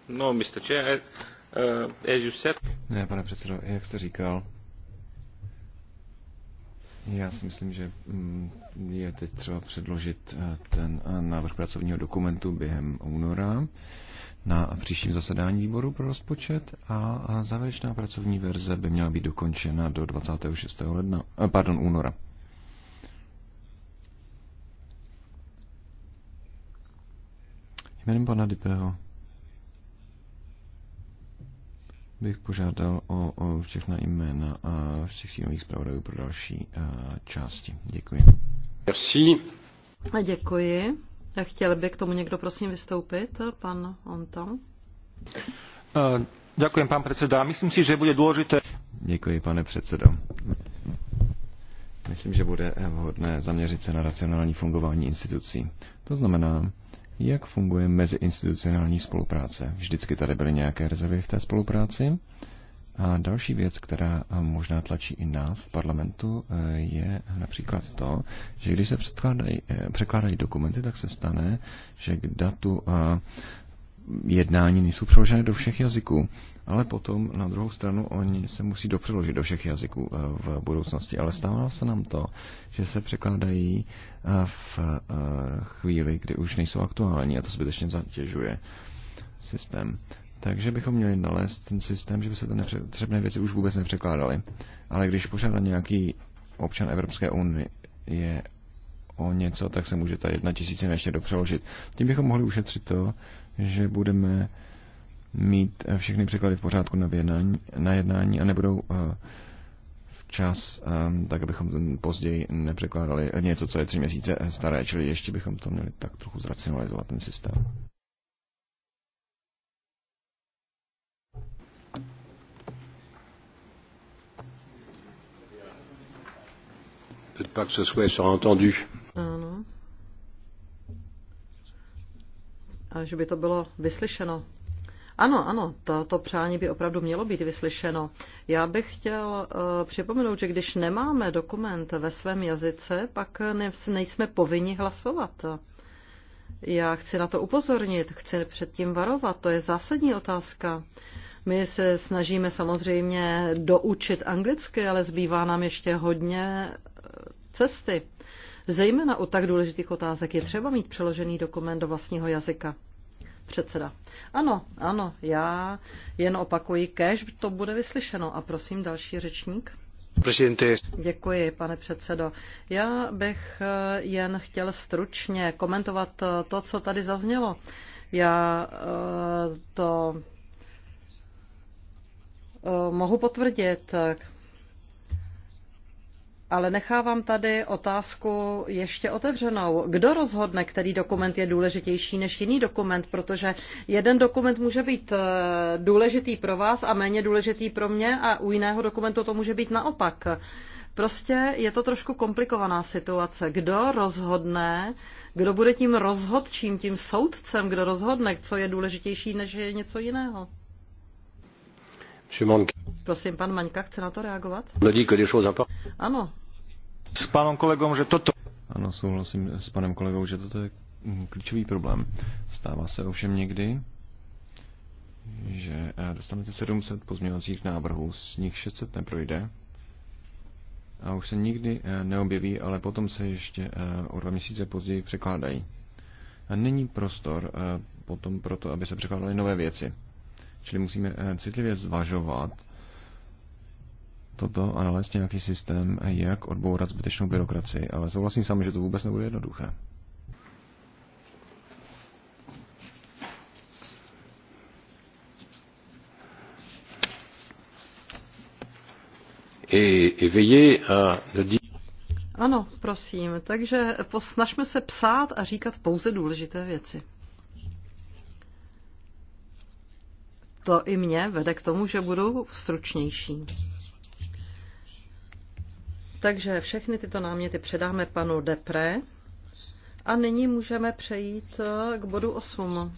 no, Mr. Chair, eh, as you said... Ne, pane předsedo, jak jste říkal, já si myslím, že mm, je teď třeba předložit eh, ten návrh pracovního dokumentu během února na příštím zasedání výboru pro rozpočet a závěrečná pracovní verze by měla být dokončena do 26. ledna, pardon, února. Jménem pana Dipeho bych požádal o, o všechna jména a všech sílových zpravodajů pro další a, části. Děkuji. Merci. A děkuji. A chtěl by k tomu někdo prosím vystoupit? Pan Onto? Děkuji, pan předseda. Myslím si, že bude důležité. Děkuji, pane předsedo. Myslím, že bude vhodné zaměřit se na racionální fungování institucí. To znamená, jak funguje meziinstitucionální spolupráce. Vždycky tady byly nějaké rezervy v té spolupráci. A další věc, která možná tlačí i nás v parlamentu, eh, je například to, že když se eh, překládají dokumenty, tak se stane, že k datu eh, jednání nejsou přeloženy do všech jazyků ale potom na druhou stranu oni se musí dopřeložit do všech jazyků eh, v budoucnosti. Ale stává se nám to, že se překládají eh, v eh, chvíli, kdy už nejsou aktuální a to zbytečně zatěžuje systém. Takže bychom měli nalézt ten systém, že by se ty nepotřebné věci už vůbec nepřekládaly. Ale když požádá nějaký občan Evropské unie je o něco, tak se může ta jedna tisíce ještě dopřeložit. Tím bychom mohli ušetřit to, že budeme mít eh, všechny překlady v pořádku na, vyjednání, na jednání a nebudou eh, včas, ehm, tak abychom později nepřekládali něco, co je tři měsíce eh, staré, čili ještě bychom to měli tak trochu zracionalizovat ten systém. pas que ce sera entendu. Ano. A že by to bylo vyslyšeno. Ano, ano, to, přání by opravdu mělo být vyslyšeno. Já bych chtěl uh, připomenout, že když nemáme dokument ve svém jazyce, pak nejsme povinni hlasovat. Já chci na to upozornit, chci předtím varovat, to je zásadní otázka. My se snažíme samozřejmě doučit anglicky, ale zbývá nám ještě hodně eh, cesty. Zejména u tak důležitých otázek je třeba mít přeložený dokument do vlastního jazyka. Předseda. Ano, ano, já jen opakuji, kež to bude vyslyšeno. A prosím, další řečník. Prezidenty. Děkuji, pane předsedo. Já bych eh, jen chtěl stručně komentovat eh, to, co tady zaznělo. Já eh, to mohu potvrdit ale nechávám tady otázku ještě otevřenou. Kdo rozhodne, který dokument je důležitější než jiný dokument, protože jeden dokument může být eh, důležitý pro vás a méně důležitý pro mě a u jiného dokumentu to může být naopak. Prostě je to trošku komplikovaná situace. Kdo rozhodne, kdo bude tím rozhodčím, tím soudcem, kdo rozhodne, co je důležitější než je něco jiného? Prosím, pan Maňka chce na to reagovat? Ano, s panem kolegou, že toto... Ano, souhlasím s panem kolegou, že toto je mm, klíčový problém. Stává se ovšem někdy, že eh, dostanete 700 pozměňovacích návrhů, z nich 600 neprojde a už se nikdy eh, neobjeví, ale potom se ještě eh, o dva měsíce později překládají. A není prostor potom proto, aby se překládaly nové věci. Čili musíme citlivě zvažovat, toto a nalézt nějaký systém, jak odbourat zbytečnou byrokracii. Ale souhlasím sami, že to vůbec nebude jednoduché. Ano, prosím. Takže snažme se psát a říkat pouze důležité věci. To i mě vede k tomu, že budu stručnější. Takže všechny tyto náměty předáme panu Depre. A nyní můžeme přejít eh, k bodu 8.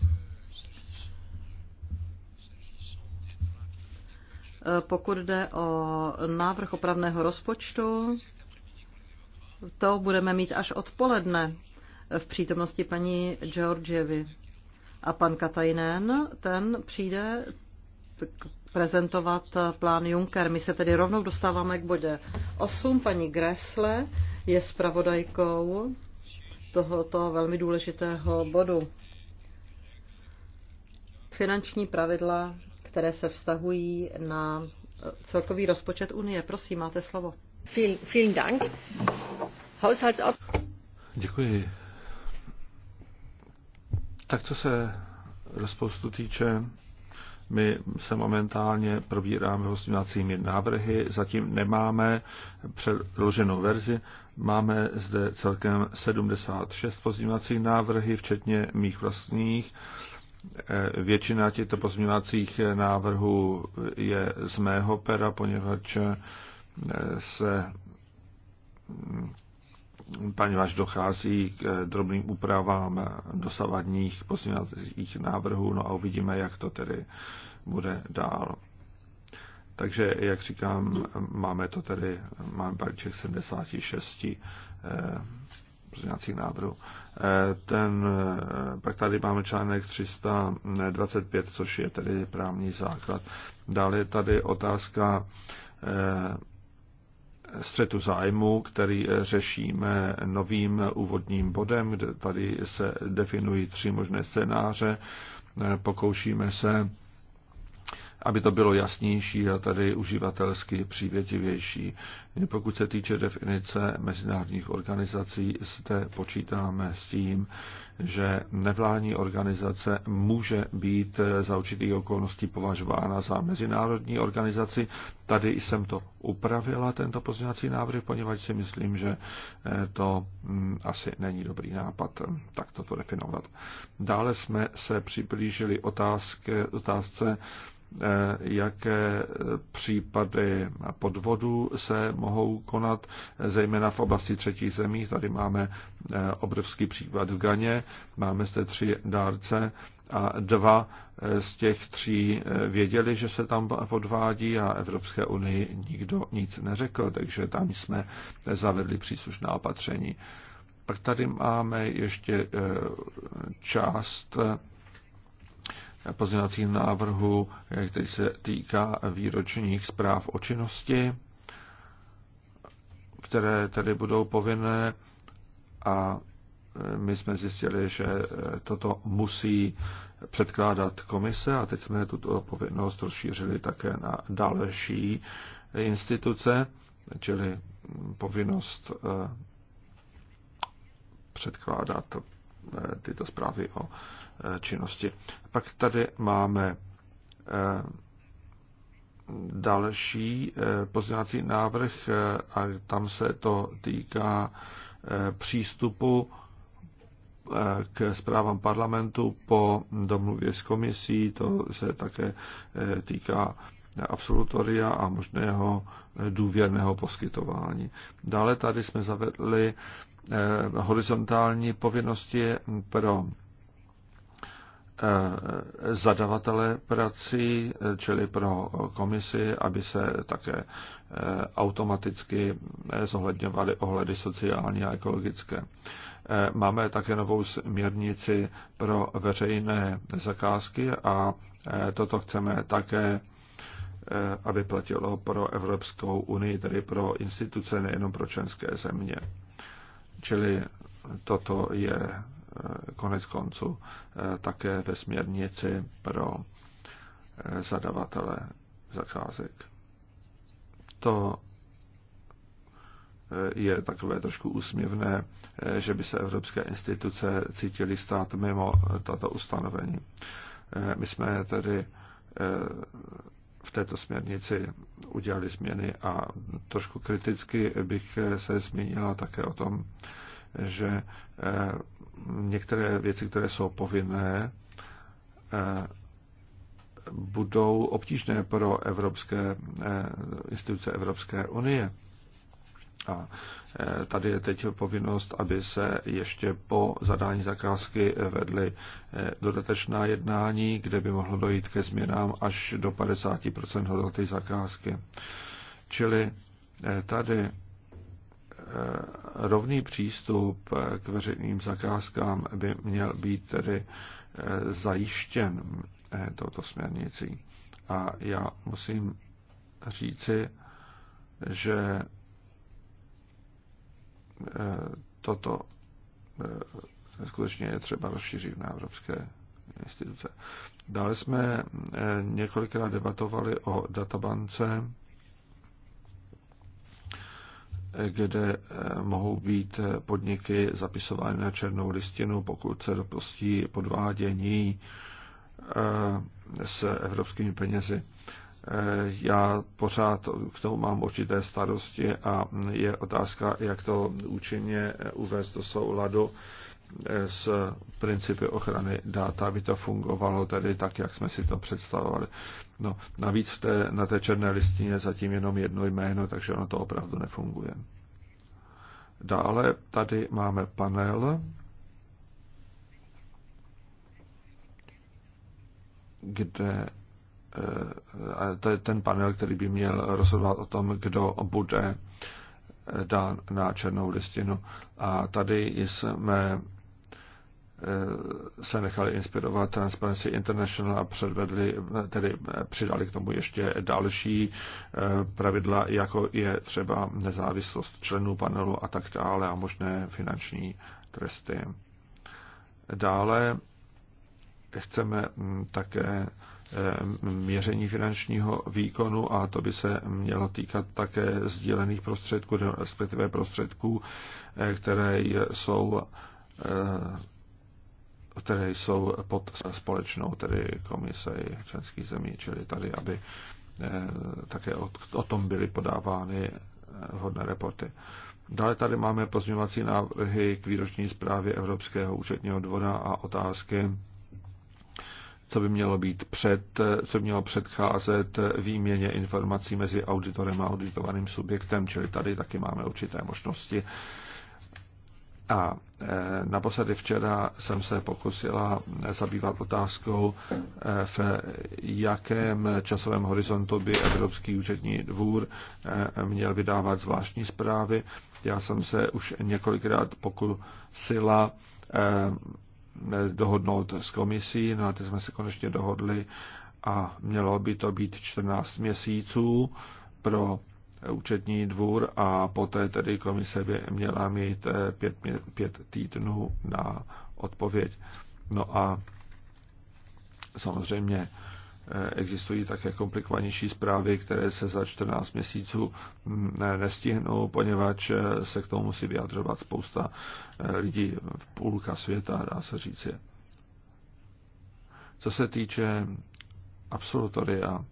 Eh, pokud jde o návrh opravného rozpočtu, to budeme mít až odpoledne v přítomnosti paní Georgievy. A pan Katajnen, ten přijde k prezentovat plán Juncker. My se tedy rovnou dostáváme k bodě 8. Paní Gressle je zpravodajkou tohoto velmi důležitého bodu. Finanční pravidla, které se vztahují na celkový rozpočet Unie. Prosím, máte slovo. Vielen Dank. Děkuji. Tak co se rozpočtu týče, my se momentálně probíráme hostinacími návrhy, zatím nemáme předloženou verzi. Máme zde celkem 76 pozměňovacích návrhy, včetně mých vlastních. Eh, většina těchto pozměňovacích návrhů je z mého pera, poněvadž eh, se hm, poněvadž dochází k eh, drobným úpravám eh, dosavadních pozměňovacích návrhů, no a uvidíme, jak to tedy bude dál. Takže, jak říkám, máme to tedy, máme balíček 76 eh, pozměňovacích návrhů. Eh, ten, pak tady máme článek 325, což je tedy právní základ. Dále je tady otázka eh, střetu zájmu, který eh, řešíme novým eh, úvodním bodem, kde tady se definují tři možné scénáře. Eh, pokoušíme se aby to bylo jasnější a tady uživatelsky přívětivější. Pokud se týče definice mezinárodních organizací, zde počítáme s tím, že nevládní organizace může být za určitých okolností považována za mezinárodní organizaci. Tady jsem to upravila, tento pozměňovací návrh, poněvadž si myslím, že eh, to mm, asi není dobrý nápad eh, tak to definovat. Dále jsme se přiblížili otázce, otázce Eh, jaké případy podvodu se mohou konat, eh, zejména v oblasti třetích zemí. Tady máme eh, obrovský příklad v Ganě, máme zde tři dárce a dva z těch tří věděli, že se tam podvádí a Evropské unii nikdo nic neřekl, takže tam jsme zavedli příslušná opatření. Pak tady máme ještě část pozměňovacích návrhu, eh, který se týká výročních zpráv o činnosti, které tedy budou povinné a eh, my jsme zjistili, že eh, toto musí předkládat komise a teď jsme tuto povinnost rozšířili také na další instituce, čili povinnost předkládat tyto zprávy o Eh, činnosti. Pak tady máme eh, další eh, pozdělací návrh a tam se to týká přístupu k zprávám parlamentu po domluvě s komisí. To se také týká absolutoria a možného důvěrného poskytování. Dále tady jsme zavedli horizontální povinnosti pro Eh, zadavatele prací, eh, čili pro komisi, aby se také eh, automaticky zohledňovaly ohledy sociální a ekologické. Máme také novou směrnici pro veřejné zakázky a toto chceme také aby platilo pro Evropskou unii, tedy pro instituce, nejenom pro členské země. Čili toto je konec konců eh, také ve směrnici pro eh, zadavatele zakázek. To eh, je takové trošku úsměvné, že by se evropské instituce cítily stát mimo tato ustanovení. My jsme tedy v této směrnici udělali změny a trošku kriticky bych se zmínila také o tom, že některé věci, které jsou povinné, eh, budou obtížné pro evropské eh, instituce Evropské unie. A eh, tady je teď povinnost, aby se ještě po zadání zakázky vedly dodatečná jednání, kde by mohlo dojít ke změnám až do 50 hodnoty zakázky. Čili tady rovný přístup k veřejným zakázkám by měl být tedy eh, zajištěn eh, touto směrnicí. A já musím říci, že eh, toto skutečně je třeba rozšířit na evropské instituce. Dále jsme několikrát debatovali o databance kde eh, mohou být eh, podniky zapisovány na černou listinu, pokud se dopustí podvádění eh, s evropskými penězi. Já pořád k tomu mám určité starosti a je otázka, jak to účinně uvést do souladu s principy ochrany dat, aby to fungovalo tedy tak, jak jsme si to představovali. No, navíc té, na té černé listině zatím jenom jedno jméno, takže ono to opravdu nefunguje. Dále tady máme panel, kde eh, ten panel, který by měl rozhodovat o tom, kdo bude eh, dán na černou listinu. A tady jsme Eh, se nechali inspirovat Transparency International a předvedli, tedy přidali k tomu ještě další eh, pravidla, jako je třeba nezávislost členů panelu a tak dále a možné finanční tresty. Dále chceme hm, také eh, měření finančního výkonu a to by se mělo týkat také sdílených prostředků, respektive prostředků, které jsou které jsou pod společnou tedy komise členských zemí, čili tady, aby eh, také o, o tom byly podávány eh, vhodné reporty. Dále tady máme pozměňovací návrhy k výroční zprávě Evropského účetního dvora a otázky, co by mělo být před, co by mělo předcházet výměně informací mezi auditorem a auditovaným subjektem, čili tady taky máme určité možnosti a e, naposledy včera jsem se pokusila zabývat otázkou, e, v jakém časovém horizontu by Evropský účetní dvůr e, měl vydávat zvláštní zprávy. Já jsem se už několikrát pokusila dohodnout s komisí, no a teď jsme se konečně dohodli a mělo by to být 14 měsíců pro účetní dvůr a poté tedy komise by měla mít eh, pět, pět týdnů na odpověď. No a samozřejmě eh, existují také komplikovanější zprávy, které se za 14 měsíců mm, nestihnou, poněvadž eh, se k tomu musí vyjadřovat spousta lidí v půlka světa, dá se říci. Co se týče absolutoria,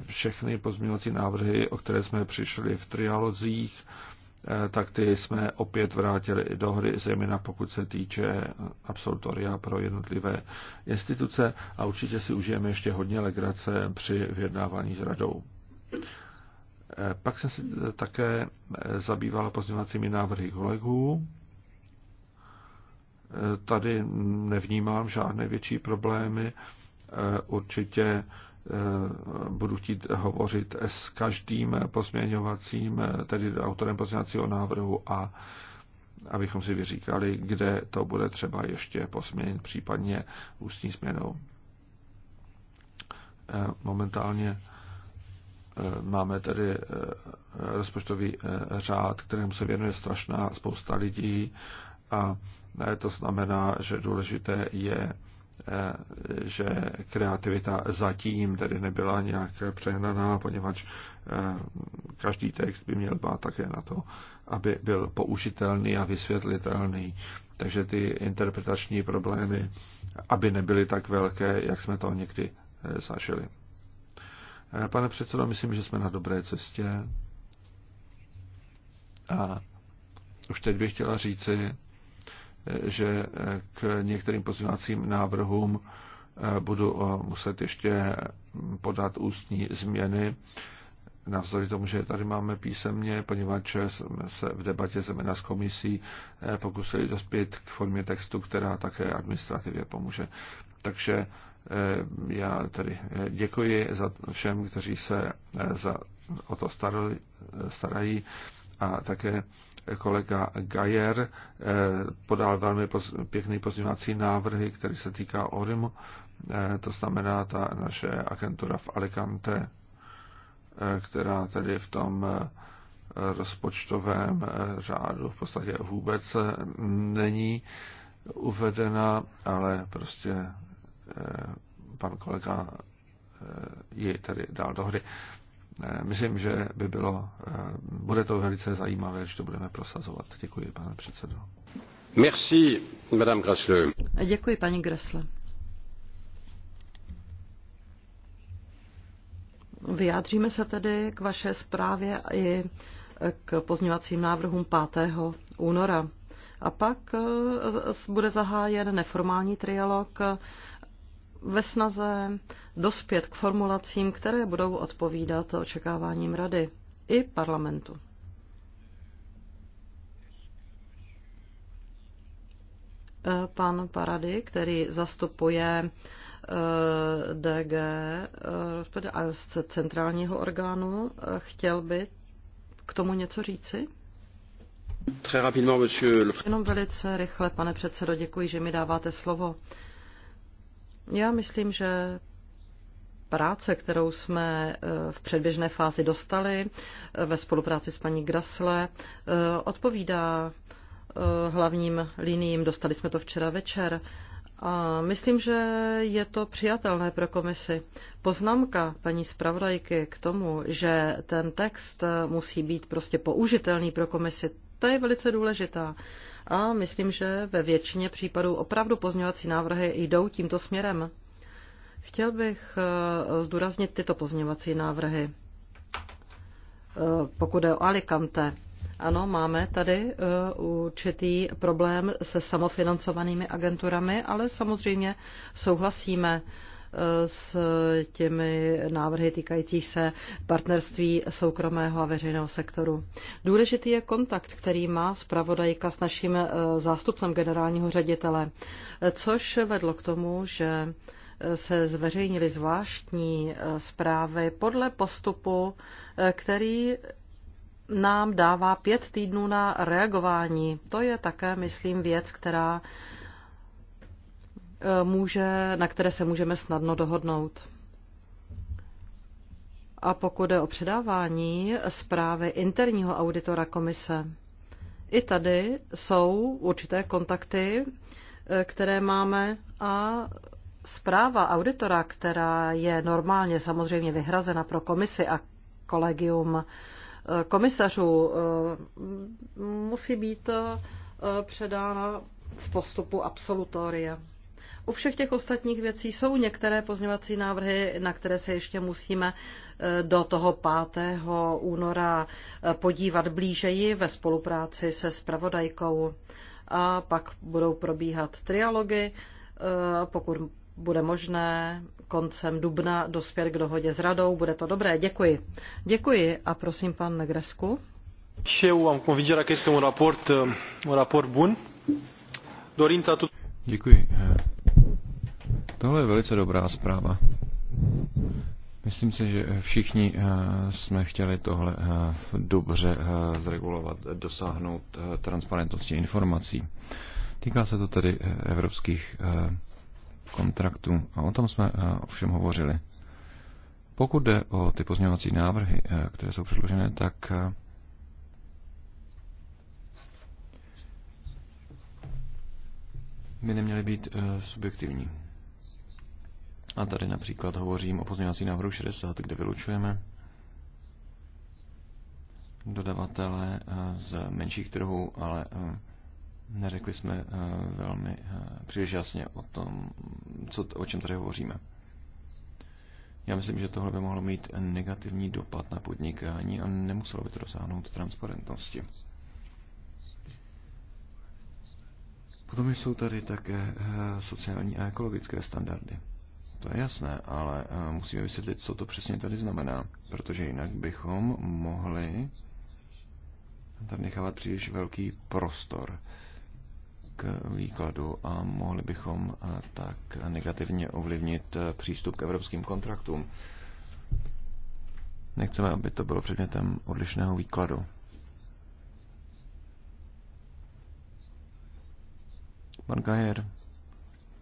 všechny pozměňovací návrhy, o které jsme přišli v trialozích, eh, tak ty jsme opět vrátili do hry, zejména pokud se týče eh, absolutoria pro jednotlivé instituce a určitě si užijeme ještě hodně legrace při vyjednávání s radou. Eh, pak jsem se také zabývala pozměňovacími návrhy kolegů. Tady nevnímám žádné větší problémy. Určitě budu chtít hovořit s každým pozměňovacím, tedy autorem pozměňovacího návrhu a abychom si vyříkali, kde to bude třeba ještě posměnit, případně ústní směnou. Momentálně eh, máme tady eh, rozpočtový eh, řád, kterému se věnuje strašná spousta lidí a to znamená, že důležité je Eh, že kreativita zatím tedy nebyla nějak přehnaná, poněvadž eh, každý text by měl být také na to, aby byl použitelný a vysvětlitelný. Takže ty interpretační problémy, aby nebyly tak velké, jak jsme to někdy eh, zažili. Pane předsedo, myslím, že jsme na dobré cestě. A už teď bych chtěla říci, že eh, k některým pozměňovacím návrhům eh, budu eh, muset ještě mm, podat ústní změny. Navzdory tomu, že tady máme písemně, poněvadž jsme se v debatě zejména s komisí pokusili dospět k formě textu, která také administrativě pomůže. Takže já tady děkuji za všem, kteří se za, o to starají a také kolega Gajer eh, podal velmi pěkný pozměňovací návrhy, který se týká ORIMu, eh, to znamená ta naše agentura v Alicante, eh, která tedy v tom rozpočtovém řádu v podstatě vůbec není uvedena, ale prostě pan kolega ji tady dal do hry. Eh, myslím, že by bylo, eh, bude to velice zajímavé, že to budeme prosazovat. Děkuji, pane předsedo. Merci, madame Grasle. Děkuji, paní Grasle. Vyjádříme se tedy k vaše zprávě i eh, k pozněvacím návrhům 5. února. A pak bude zahájen neformální trialog ve snaze dospět k formulacím, které budou odpovídat očekáváním Rady i parlamentu. Pan Parady, který zastupuje eh, DG, eh, z centrálního orgánu, eh, chtěl by k tomu něco říci? Jenom velice rychle, pane předsedo, děkuji, že mi dáváte slovo. Já myslím, že práce, kterou jsme eh, v předběžné fázi dostali eh, ve spolupráci s paní Grasle, eh, odpovídá hlavním liniím. Dostali jsme to včera večer. A myslím, že je to přijatelné pro komisi. Poznámka paní zpravodajky k tomu, že ten text musí být prostě použitelný pro komisi, ta je velice důležitá. A myslím, že ve většině případů opravdu pozměňovací návrhy jdou tímto směrem. Chtěl bych eh, zdůraznit tyto pozměňovací návrhy. Eh, pokud je o Alicante, ano, máme tady eh, určitý problém se samofinancovanými agenturami, ale samozřejmě souhlasíme s těmi návrhy týkajících se partnerství soukromého a veřejného sektoru. Důležitý je kontakt, který má zpravodajka s naším eh, zástupcem generálního ředitele, což vedlo k tomu, že eh, se zveřejnily zvláštní eh, zprávy podle postupu, který nám dává pět týdnů na reagování. To je také, myslím, věc, která Eh, může, na které se můžeme snadno dohodnout. A pokud je o předávání zprávy interního auditora komise, i tady jsou určité kontakty, eh, které máme a zpráva auditora, která je normálně samozřejmě vyhrazena pro komisi a kolegium eh, komisařů, musí být předána v postupu absolutoria. U všech těch ostatních věcí jsou některé pozměňovací návrhy, na které se ještě musíme eh, do toho 5. února eh, podívat blížeji ve spolupráci se spravodajkou. A pak budou probíhat trialogy, eh, pokud bude možné koncem dubna dospět k dohodě s radou. Bude to dobré, děkuji. Děkuji a prosím pan Negresku. bun. Děkuji, Tohle je velice dobrá zpráva. Myslím si, že všichni eh, jsme chtěli tohle eh, dobře eh, zregulovat, dosáhnout transparentnosti informací. Týká se to tedy evropských kontraktů a o tom jsme ovšem hovořili. Pokud jde o ty pozměňovací návrhy, které jsou předložené, tak by neměly být subjektivní. A tady například hovořím o pozměňovací návrhu 60, kde vylučujeme dodavatele eh, z menších trhů, ale eh, neřekli jsme eh, velmi příliš jasně o tom, co, o čem tady hovoříme. Já myslím, že tohle by mohlo mít negativní dopad na podnikání a nemuselo by to dosáhnout transparentnosti. Potom jsou tady také sociální a ekologické standardy. To je jasné, ale eh, musíme vysvětlit, co to přesně tady znamená, protože jinak bychom mohli tam nechávat příliš velký prostor k výkladu a mohli bychom eh, tak negativně ovlivnit eh, přístup k evropským kontraktům. Nechceme, aby to bylo předmětem odlišného výkladu. Pan Gajer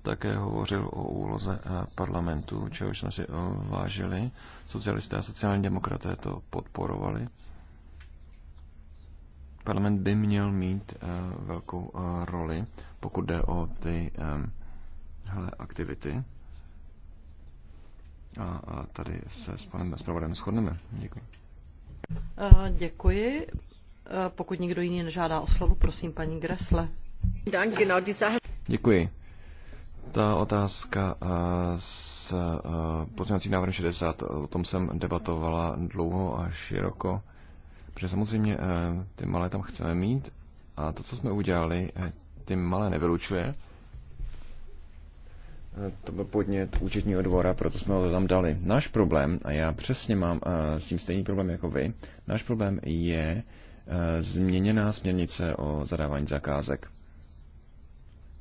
také hovořil o úloze eh, parlamentu, čeho jsme si eh, vážili. Socialisté a sociální demokraté to podporovali. Parlament by měl mít eh, velkou roli, pokud jde o ty aktivity. A, a tady se s panem zpravodajem shodneme. Děkuji. Děkuji. Pokud nikdo jiný nežádá o slovo, prosím paní Gresle. Děkuji. Ta otázka eh, s eh, pozměňovacím návrhem 60, eh, o tom jsem debatovala dlouho a široko, protože samozřejmě ty malé tam chceme mít a to, co jsme udělali, ty malé nevylučuje. To byl podnět účetního dvora, proto jsme ho tam dali. Náš problém, a já přesně mám s tím stejný problém jako vy, náš problém je změněná směrnice o zadávání zakázek.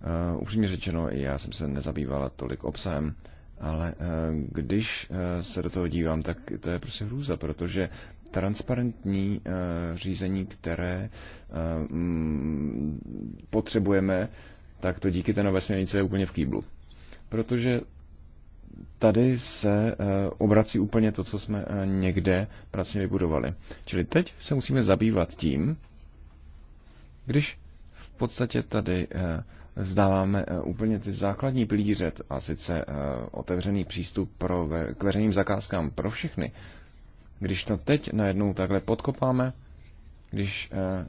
Uh, upřímně řečeno, já jsem se nezabývala tolik obsahem, ale uh, když uh, se do toho dívám, tak to je prostě hrůza, protože transparentní uh, řízení, které uh, m, mm, potřebujeme, tak to díky té nové směrnice je úplně v kýblu. Protože tady se obrací úplně to, co jsme někde pracně vybudovali. Čili teď se musíme zabývat tím, když v podstatě tady vzdáváme eh, úplně ty základní pilíře, a sice eh, otevřený přístup pro ve, k veřejným zakázkám pro všechny, když to teď najednou takhle podkopáme, když eh,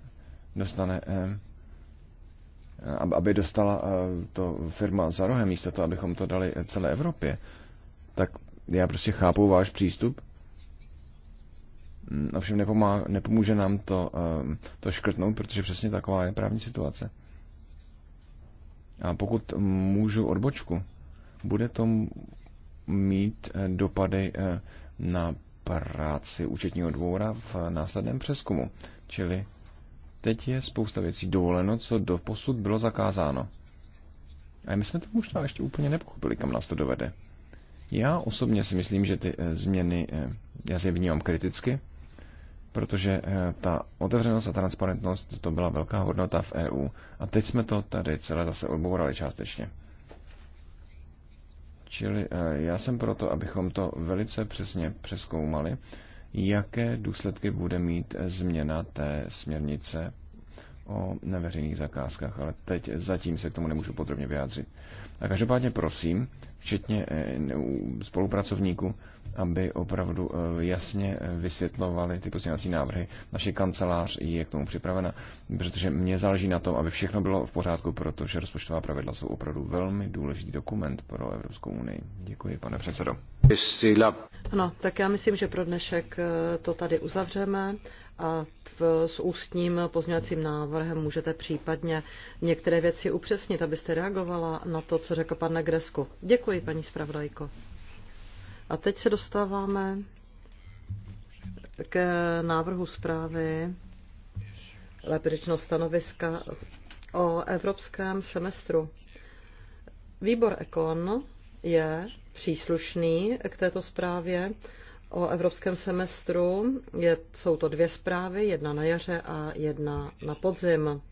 dostane, aby dostala to firma za rohem, místo toho, abychom to dali celé Evropě, tak já prostě chápu váš přístup. Mm, ovšem nepomá, nepomůže nám to, to škrtnout, protože přesně taková je právní situace. A pokud můžu odbočku, bude to mít eh, dopady eh, na práci účetního dvora v následném přeskumu. Čili teď je spousta věcí dovoleno, co do posud bylo zakázáno. A my jsme to možná ještě úplně nepochopili, kam nás to dovede. Já osobně si myslím, že ty eh, změny, já si je vnímám kriticky, protože eh, ta otevřenost a transparentnost to byla velká hodnota v EU a teď jsme to tady celé zase odbourali částečně. Čili eh, já jsem proto, abychom to velice přesně přeskoumali, jaké důsledky bude mít eh, změna té směrnice o neveřejných zakázkách, ale teď zatím se k tomu nemůžu podrobně vyjádřit. A každopádně prosím, včetně spolupracovníků, aby opravdu eh, jasně eh, vysvětlovali ty pozměňovací návrhy. Naše kancelář je k tomu připravena, protože mě záleží na tom, aby všechno bylo v pořádku, protože rozpočtová pravidla jsou opravdu velmi důležitý dokument pro Evropskou unii. Děkuji, pane předsedo. Ano, tak já myslím, že pro dnešek eh, to tady uzavřeme a v, s ústním pozměňovacím návrhem můžete případně některé věci upřesnit, abyste reagovala na to, co řekl pan Negresku. Děkuji, paní zpravodajko. A teď se dostáváme k návrhu zprávy, lépe řečeno stanoviska o evropském semestru. Výbor Ekon je příslušný k této zprávě o evropském semestru. Je, jsou to dvě zprávy, jedna na jaře a jedna na podzim.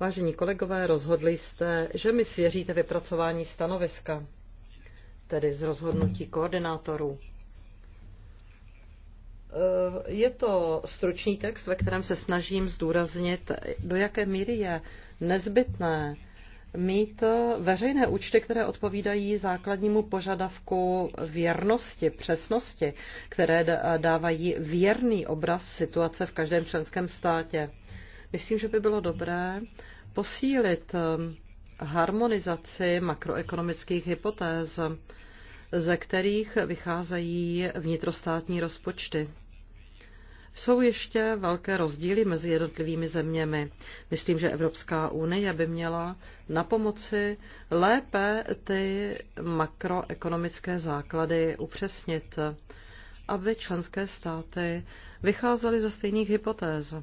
Vážení kolegové, rozhodli jste, že mi svěříte vypracování stanoviska tedy z rozhodnutí koordinátorů. Eh, je to stručný text, ve kterém se snažím zdůraznit, do jaké míry je nezbytné mít veřejné účty, které odpovídají základnímu požadavku věrnosti, přesnosti, které dávají věrný obraz situace v každém členském státě. Myslím, že by bylo dobré posílit eh, harmonizaci makroekonomických hypotéz, ze kterých vycházejí vnitrostátní rozpočty. Jsou ještě velké rozdíly mezi jednotlivými zeměmi. Myslím, že Evropská unie by měla na pomoci lépe ty makroekonomické základy upřesnit, aby členské státy vycházely ze stejných hypotéz.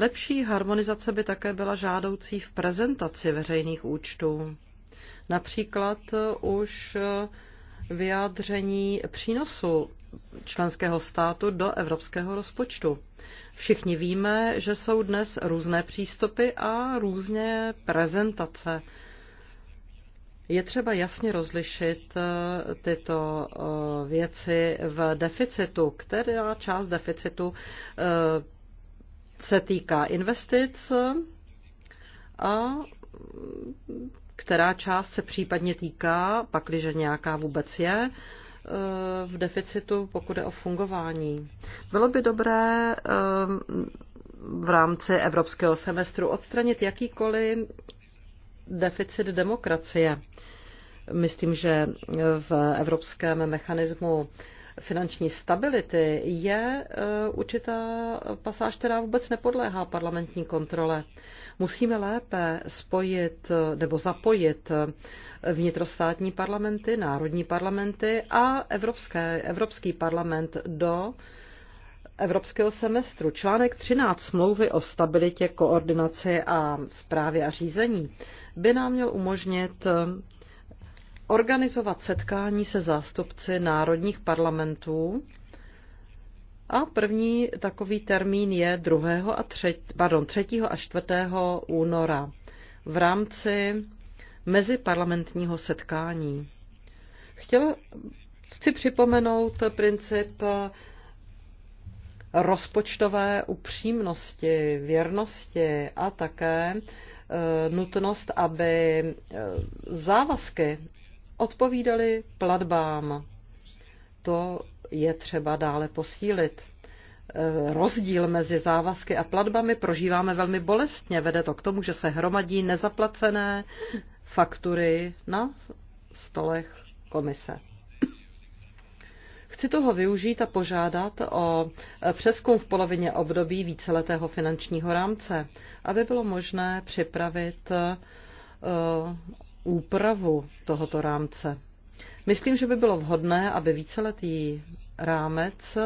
Lepší harmonizace by také byla žádoucí v prezentaci veřejných účtů. Například už vyjádření přínosu členského státu do evropského rozpočtu. Všichni víme, že jsou dnes různé přístupy a různé prezentace. Je třeba jasně rozlišit eh, tyto eh, věci v deficitu, která část deficitu eh, se týká investic a která část se případně týká, pakliže nějaká vůbec je, eh, v deficitu, pokud je o fungování. Bylo by dobré eh, v rámci evropského semestru odstranit jakýkoliv deficit demokracie. Myslím, že v evropském mechanismu finanční stability je e, určitá pasáž, která vůbec nepodléhá parlamentní kontrole. Musíme lépe spojit nebo zapojit e, vnitrostátní parlamenty, národní parlamenty a evropské, Evropský parlament do evropského semestru. Článek 13 smlouvy o stabilitě, koordinaci a zprávě a řízení by nám měl umožnit e, organizovat setkání se zástupci národních parlamentů. A první takový termín je 2. a 3. Pardon, 3. a 4. února v rámci meziparlamentního setkání. Chtěla, chci připomenout princip rozpočtové upřímnosti, věrnosti a také eh, nutnost, aby eh, závazky Odpovídali platbám. To je třeba dále posílit. E, rozdíl mezi závazky a platbami prožíváme velmi bolestně. Vede to k tomu, že se hromadí nezaplacené faktury na stolech komise. Chci toho využít a požádat o přeskum v polovině období víceletého finančního rámce, aby bylo možné připravit e, úpravu tohoto rámce. Myslím, že by bylo vhodné, aby víceletý rámec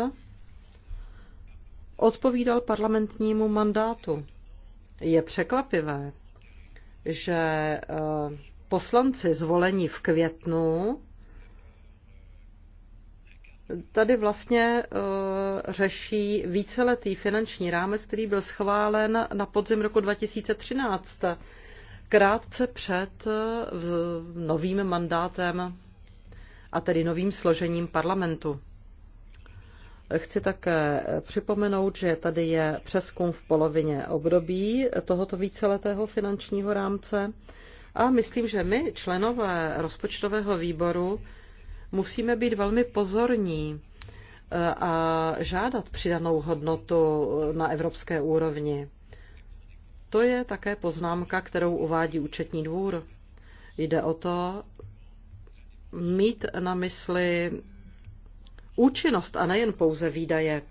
odpovídal parlamentnímu mandátu. Je překvapivé, že eh, poslanci zvolení v květnu tady vlastně eh, řeší víceletý finanční rámec, který byl schválen na podzim roku 2013 krátce před eh, novým mandátem a tedy novým složením parlamentu. Chci také připomenout, že tady je přeskum v polovině období tohoto víceletého finančního rámce a myslím, že my, členové rozpočtového výboru, musíme být velmi pozorní eh, a žádat přidanou hodnotu na evropské úrovni. To je také poznámka, kterou uvádí účetní dvůr. Jde o to mít na mysli účinnost a nejen pouze výdaje.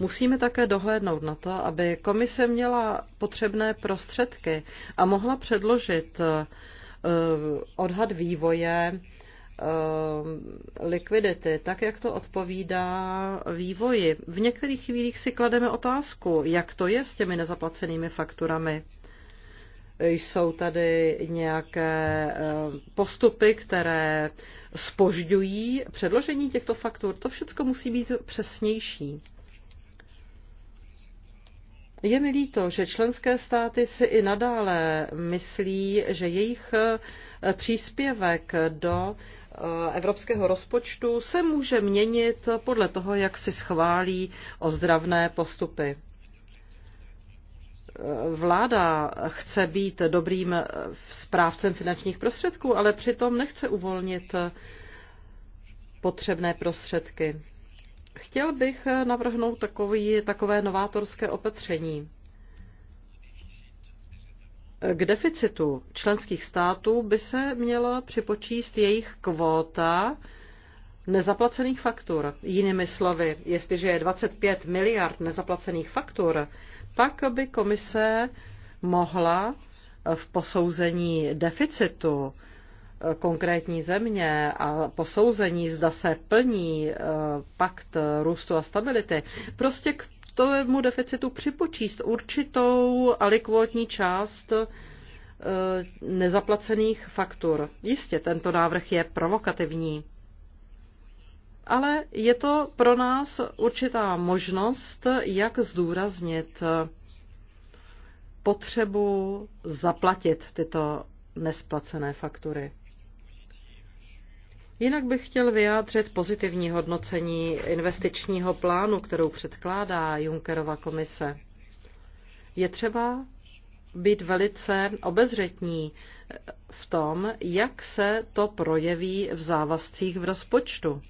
Musíme také dohlédnout na to, aby komise měla potřebné prostředky a mohla předložit eh, odhad vývoje Eh, likvidity, tak jak to odpovídá vývoji. V některých chvílích si klademe otázku, jak to je s těmi nezaplacenými fakturami. Jsou tady nějaké eh, postupy, které spožďují předložení těchto faktur. To všechno musí být přesnější. Je mi líto, že členské státy si i nadále myslí, že jejich eh, příspěvek do Eh, evropského rozpočtu se může měnit podle toho, jak si schválí ozdravné postupy. Eh, vláda chce být dobrým eh, správcem finančních prostředků, ale přitom nechce uvolnit potřebné prostředky. Chtěl bych navrhnout takový, takové novátorské opatření. K deficitu členských států by se měla připočíst jejich kvóta nezaplacených faktur. Jinými slovy, jestliže je 25 miliard nezaplacených faktur, pak by komise mohla v posouzení deficitu konkrétní země a posouzení, zda se plní eh, pakt růstu a stability, prostě k k tomu deficitu připočíst určitou alikvotní část eh, nezaplacených faktur. Jistě, tento návrh je provokativní, ale je to pro nás určitá možnost, jak zdůraznit potřebu zaplatit tyto nesplacené faktury. Jinak bych chtěl vyjádřit pozitivní hodnocení investičního plánu, kterou předkládá Junckerova komise. Je třeba být velice obezřetní v tom, jak se to projeví v závazcích v rozpočtu,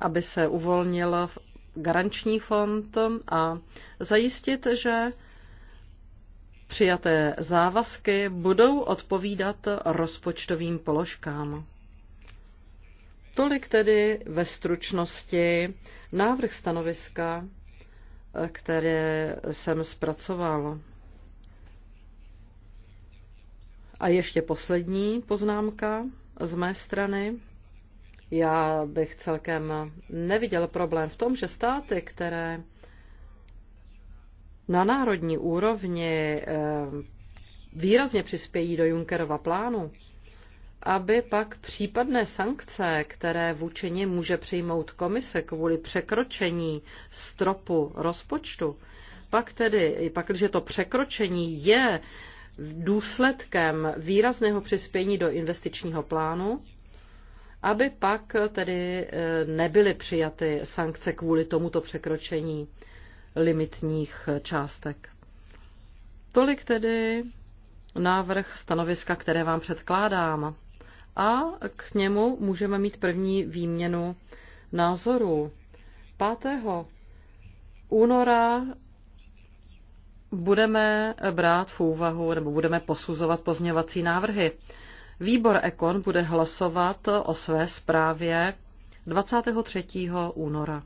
aby se uvolnil garanční fond a zajistit, že přijaté závazky budou odpovídat rozpočtovým položkám. Tolik tedy ve stručnosti návrh stanoviska, eh, které jsem zpracoval. A ještě poslední poznámka z mé strany. Já bych celkem neviděl problém v tom, že státy, které na národní úrovni eh, výrazně přispějí do Junckerova plánu, aby pak případné sankce, které vůči nim může přijmout komise kvůli překročení stropu rozpočtu, pak tedy, pak, když to překročení je důsledkem výrazného přispění do investičního plánu, aby pak tedy e, nebyly přijaty sankce kvůli tomuto překročení limitních částek. Tolik tedy návrh stanoviska, které vám předkládám a k němu můžeme mít první výměnu názorů. 5. února budeme brát v úvahu nebo budeme posuzovat pozměvací návrhy. Výbor Ekon bude hlasovat o své zprávě 23. února.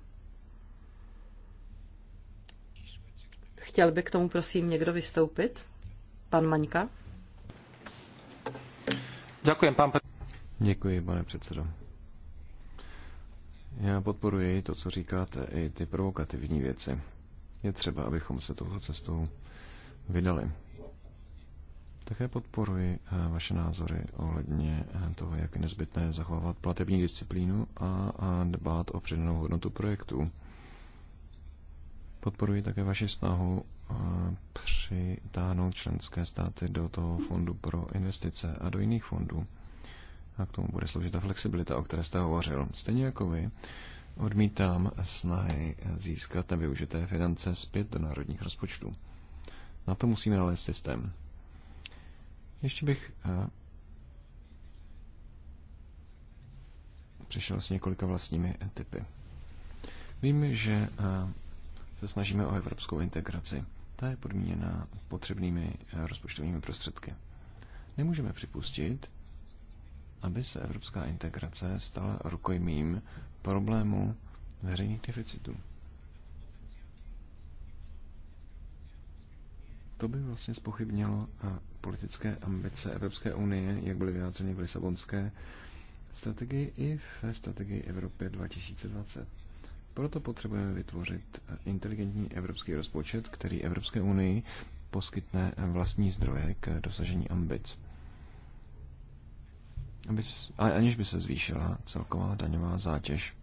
Chtěl by k tomu prosím někdo vystoupit? Pan Maňka? Děkuji, pan Děkuji, pane předsedo. Já podporuji to, co říkáte, i ty provokativní věci. Je třeba, abychom se touto cestou vydali. Také podporuji eh, vaše názory ohledně eh, toho, jak je nezbytné zachovávat platební disciplínu a dbát o přidanou hodnotu projektů. Podporuji také vaši snahu eh, přitáhnout členské státy do toho fondu pro investice a do jiných fondů a k tomu bude sloužit ta flexibilita, o které jste hovořil. Stejně jako vy, odmítám snahy získat využité finance zpět do národních rozpočtů. Na to musíme nalézt systém. Ještě bych eh, přišel s několika vlastními typy. Vím, že eh, se snažíme o evropskou integraci. Ta je podmíněna potřebnými eh, rozpočtovými prostředky. Nemůžeme připustit, aby se evropská integrace stala rukojmím problému veřejných deficitů. To by vlastně spochybnilo politické ambice Evropské unie, jak byly vyjádřeny v Lisabonské strategii i v strategii Evropě 2020. Proto potřebujeme vytvořit inteligentní evropský rozpočet, který Evropské unii poskytne vlastní zdroje k dosažení ambic aby, aniž by se zvýšila celková daňová zátěž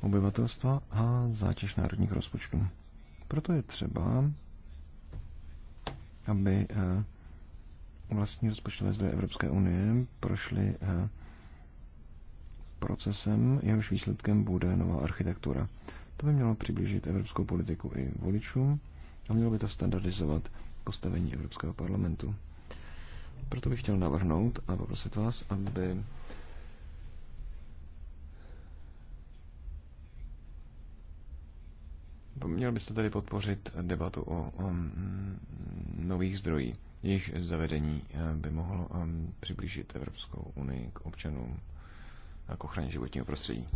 obyvatelstva a zátěž národních rozpočtů. Proto je třeba, aby eh, vlastní rozpočtové zdroje Evropské unie prošly eh, procesem, jehož výsledkem bude nová architektura. To by mělo přiblížit evropskou politiku i voličům a mělo by to standardizovat postavení Evropského parlamentu. Proto bych chtěl navrhnout a poprosit vás, aby Měl byste tady podpořit debatu o, o nových zdrojích, jejich zavedení eh, by mohlo eh, přiblížit Evropskou unii k občanům a k ochraně životního prostředí.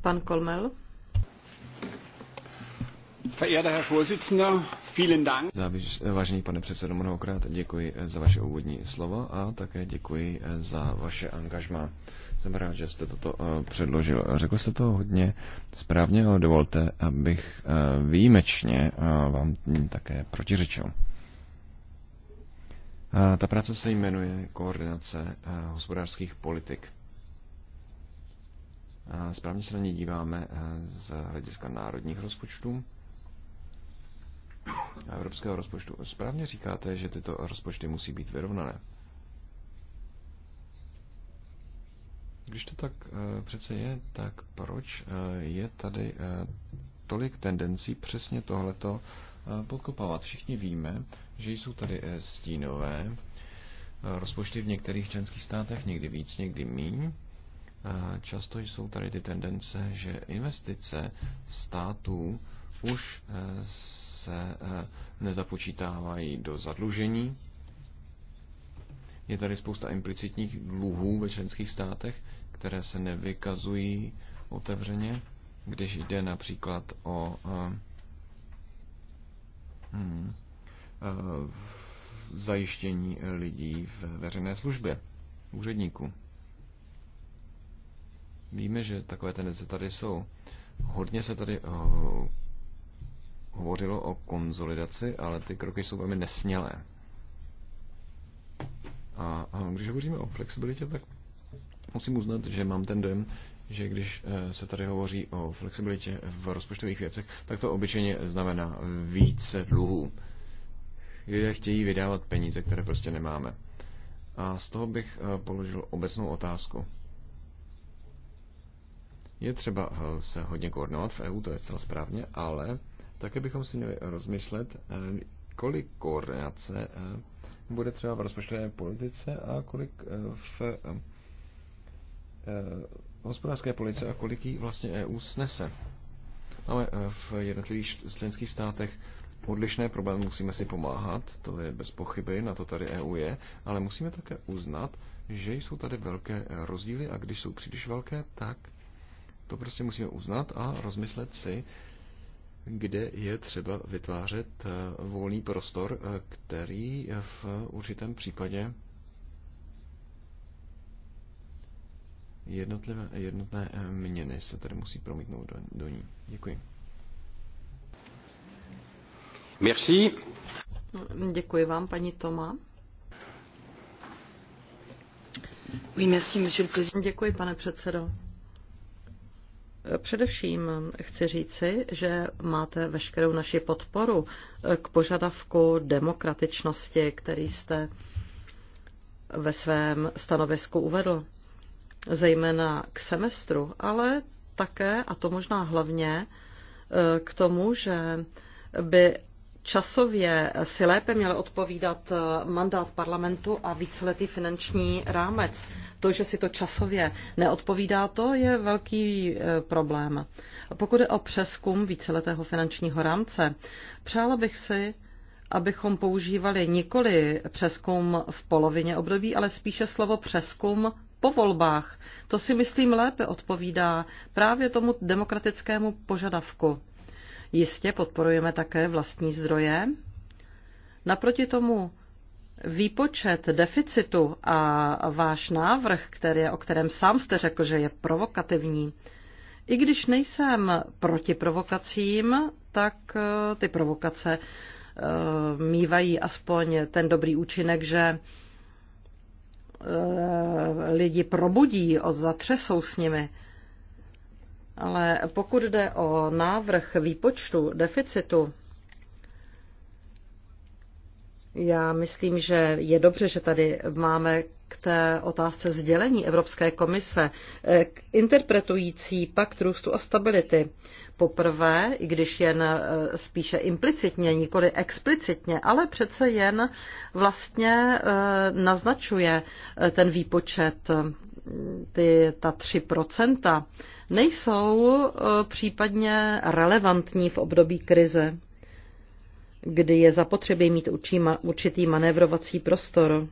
Pan Kolmel. Vážený pane předsedo, mnohokrát děkuji za vaše úvodní slovo a také děkuji za vaše angažma. Jsem rád, že jste toto eh, předložil. Řekl jste to hodně správně, ale dovolte, abych eh, výjimečně eh, vám také protiřečil. Ta práce se jmenuje Koordinace hospodářských politik. Správně se na ně díváme z hlediska národních rozpočtů a evropského rozpočtu. Správně říkáte, že tyto rozpočty musí být vyrovnané. Když to tak eh, přece je, tak proč eh, je tady eh, tolik tendencí přesně tohleto podkopávat? Všichni víme, že jsou tady stínové rozpočty v některých členských státech, někdy víc, někdy míň. Často jsou tady ty tendence, že investice států už se eh, nezapočítávají do zadlužení. Je tady spousta implicitních dluhů ve členských státech, které se nevykazují otevřeně, když jde například o eh, hmm, eh, zajištění lidí v veřejné službě, úředníků. Víme, že takové tendence tady jsou. Hodně se tady hovořilo o konzolidaci, ale ty kroky jsou velmi nesmělé. A, a když hovoříme o flexibilitě, tak musím uznat, že mám ten dojem, že když eh, se tady hovoří o flexibilitě v rozpočtových věcech, tak to obyčejně znamená více dluhů. Lidé chtějí vydávat peníze, které prostě nemáme. A z toho bych eh, položil obecnou otázku. Je třeba eh, se hodně koordinovat v EU, to je zcela správně, ale také bychom si měli rozmyslet, eh, kolik koordinace eh, bude třeba v rozpočtové politice a kolik eh, v hospodářské politice a kolik jí vlastně EU snese. Máme v jednotlivých členských státech odlišné problémy, musíme si pomáhat, to je bez pochyby, na to tady EU je, ale musíme také uznat, že jsou tady velké rozdíly a když jsou příliš velké, tak to prostě musíme uznat a rozmyslet si, kde je třeba vytvářet eh, volný prostor, eh, který v určitém případě jednotlivé, jednotné eh, měny se tady musí promítnout do, do ní. Děkuji. Merci. Děkuji vám, paní Toma. Oui, merci, monsieur le président. Děkuji, pane předsedo. Především chci říci, že máte veškerou naši podporu k požadavku demokratičnosti, který jste ve svém stanovisku uvedl, zejména k semestru, ale také, a to možná hlavně, eh, k tomu, že by časově si lépe měl odpovídat eh, mandát parlamentu a víceletý finanční rámec. To, že si to časově neodpovídá, to je velký eh, problém. Pokud je o přeskum víceletého finančního rámce, přála bych si, abychom používali nikoli přeskum v polovině období, ale spíše slovo přeskum po volbách. To si myslím lépe odpovídá právě tomu demokratickému požadavku. Jistě podporujeme také vlastní zdroje. Naproti tomu výpočet deficitu a váš návrh, který, o kterém sám jste řekl, že je provokativní, i když nejsem proti provokacím, tak eh, ty provokace eh, mývají aspoň ten dobrý účinek, že eh, lidi probudí, zatřesou s nimi. Ale pokud jde o návrh výpočtu deficitu, já myslím, že je dobře, že tady máme k té otázce sdělení Evropské komise k eh, interpretující pakt růstu a stability. Poprvé, i když jen eh, spíše implicitně, nikoli explicitně, ale přece jen vlastně eh, naznačuje ten výpočet ty, ta 3% nejsou e, případně relevantní v období krize, kdy je zapotřebí mít určitý manévrovací prostor.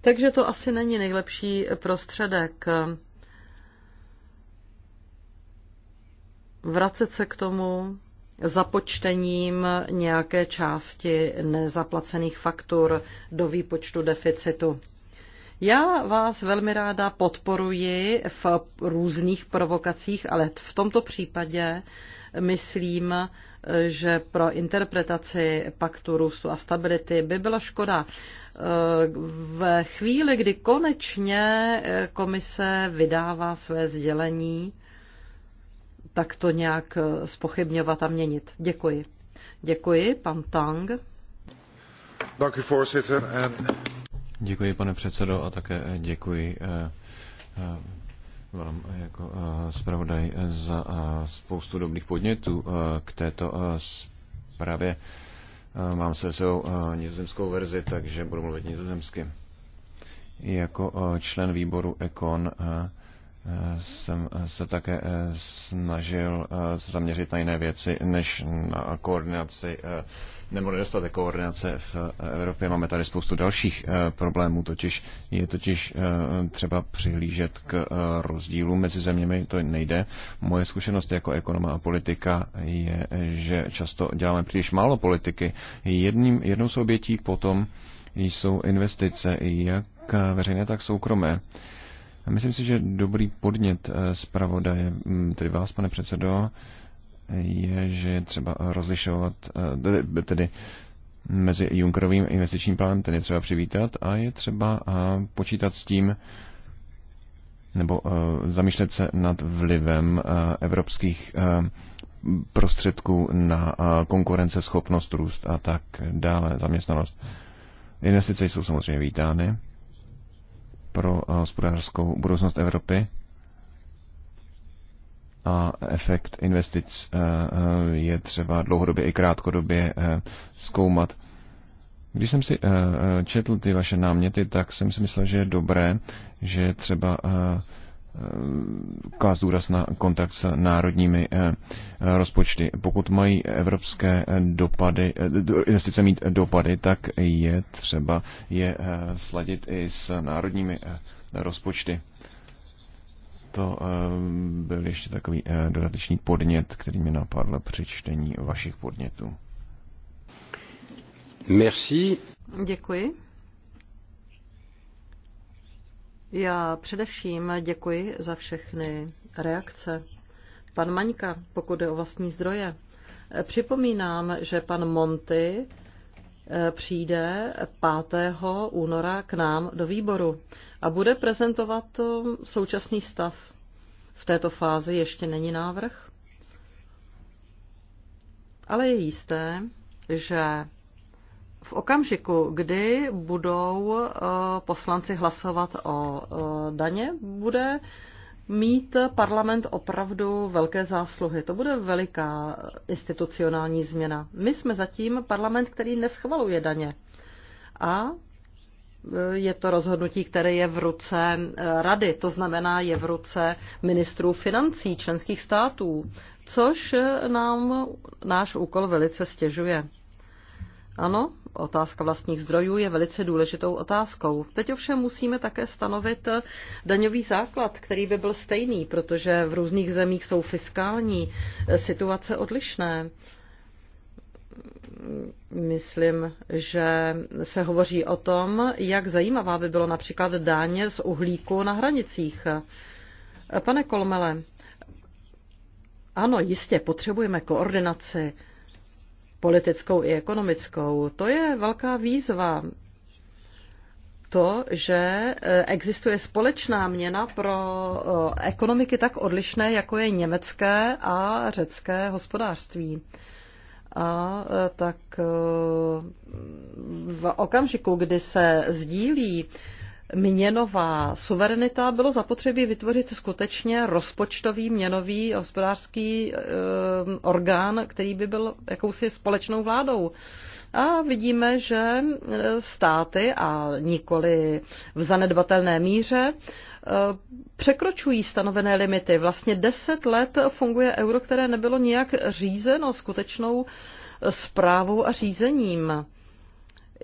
Takže to asi není nejlepší prostředek. Vracet se k tomu započtením nějaké části nezaplacených faktur do výpočtu deficitu. Já vás velmi ráda podporuji v různých provokacích, ale v tomto případě myslím, že pro interpretaci paktu růstu a stability by byla škoda. Eh, v chvíli, kdy konečně eh, komise vydává své sdělení, tak to nějak eh, spochybňovat a měnit. Děkuji. Děkuji, pan Tang. Děkuji, voorzitter. Děkuji, pane předsedo, a také eh, děkuji eh, eh, vám jako zpravodaj za spoustu dobrých podnětů k této zprávě. Mám se svou nizozemskou verzi, takže budu mluvit nizozemsky. Jako člen výboru Econ jsem se také eh, snažil eh, zaměřit na jiné věci, než na koordinaci, eh, nebo nedostatek koordinace v Evropě. Máme tady spoustu dalších problémů, totiž je totiž třeba přihlížet k rozdílu mezi zeměmi, to nejde. Moje zkušenost jako ekonoma a politika je, že často děláme příliš málo politiky. Jedním, jednou z obětí potom jsou investice, jak veřejné, tak soukromé. Myslím si, že dobrý podnět eh, zpravodaje, mm, tedy vás, pane předsedo, je, že je třeba rozlišovat, eh, tedy mezi Junckerovým investičním plánem, ten je třeba přivítat a je třeba eh, počítat s tím, nebo zamýšlet se nad vlivem evropských prostředků na konkurenceschopnost, růst a tak dále, zaměstnanost. Investice jsou samozřejmě vítány pro eh, hospodářskou budoucnost Evropy a efekt investic eh, eh, je třeba dlouhodobě i krátkodobě zkoumat. Když jsem si četl ty vaše náměty, tak jsem si myslel, že je dobré, že třeba Eh, klást důraz na kontakt s národními eh, eh, rozpočty. Pokud mají evropské dopady, investice mít dopady, tak je třeba je sladit i s národními rozpočty. To byl ještě takový dodatečný podnět, který mi napadl při čtení vašich podnětů. Merci. Děkuji. Já především děkuji za všechny reakce. Pan Maňka, pokud je o vlastní zdroje, připomínám, že pan Monty eh, přijde 5. února k nám do výboru a bude prezentovat eh, současný stav. V této fázi ještě není návrh, ale je jisté, že v okamžiku, kdy budou eh, poslanci hlasovat o eh, daně, bude mít parlament opravdu velké zásluhy. To bude veliká institucionální změna. My jsme zatím parlament, který neschvaluje daně. A eh, je to rozhodnutí, které je v ruce rady, to znamená je v ruce ministrů financí členských států, což nám náš úkol velice stěžuje. Ano, otázka vlastních zdrojů je velice důležitou otázkou. Teď ovšem musíme také stanovit eh, daňový základ, který by byl stejný, protože v různých zemích jsou fiskální eh, situace odlišné. Myslím, že se hovoří o tom, jak zajímavá by bylo například dáně z uhlíku na hranicích. Eh, pane Kolmele, ano, jistě potřebujeme koordinaci politickou i ekonomickou. To je velká výzva. To, že e, existuje společná měna pro e, ekonomiky tak odlišné, jako je německé a řecké hospodářství. A e, tak v okamžiku, kdy se sdílí měnová suverenita, bylo zapotřebí vytvořit skutečně rozpočtový měnový hospodářský e, orgán, který by byl jakousi společnou vládou. A vidíme, že eh, státy a nikoli v zanedbatelné míře eh, překročují stanovené limity. Vlastně deset let funguje euro, které nebylo nijak řízeno skutečnou zprávou a řízením.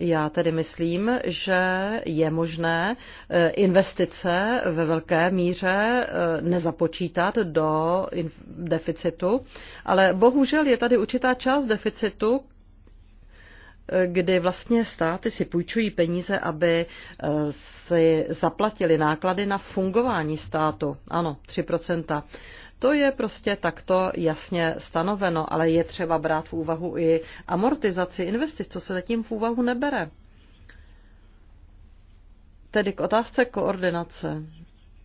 Já tedy myslím, že je možné eh, investice ve velké míře eh, nezapočítat do deficitu, ale bohužel je tady určitá část deficitu, eh, kdy vlastně státy si půjčují peníze, aby si zaplatili náklady na fungování státu. Ano, 3%. To je prostě takto jasně stanoveno, ale je třeba brát v úvahu i amortizaci investic, co se zatím v úvahu nebere. Tedy k otázce koordinace.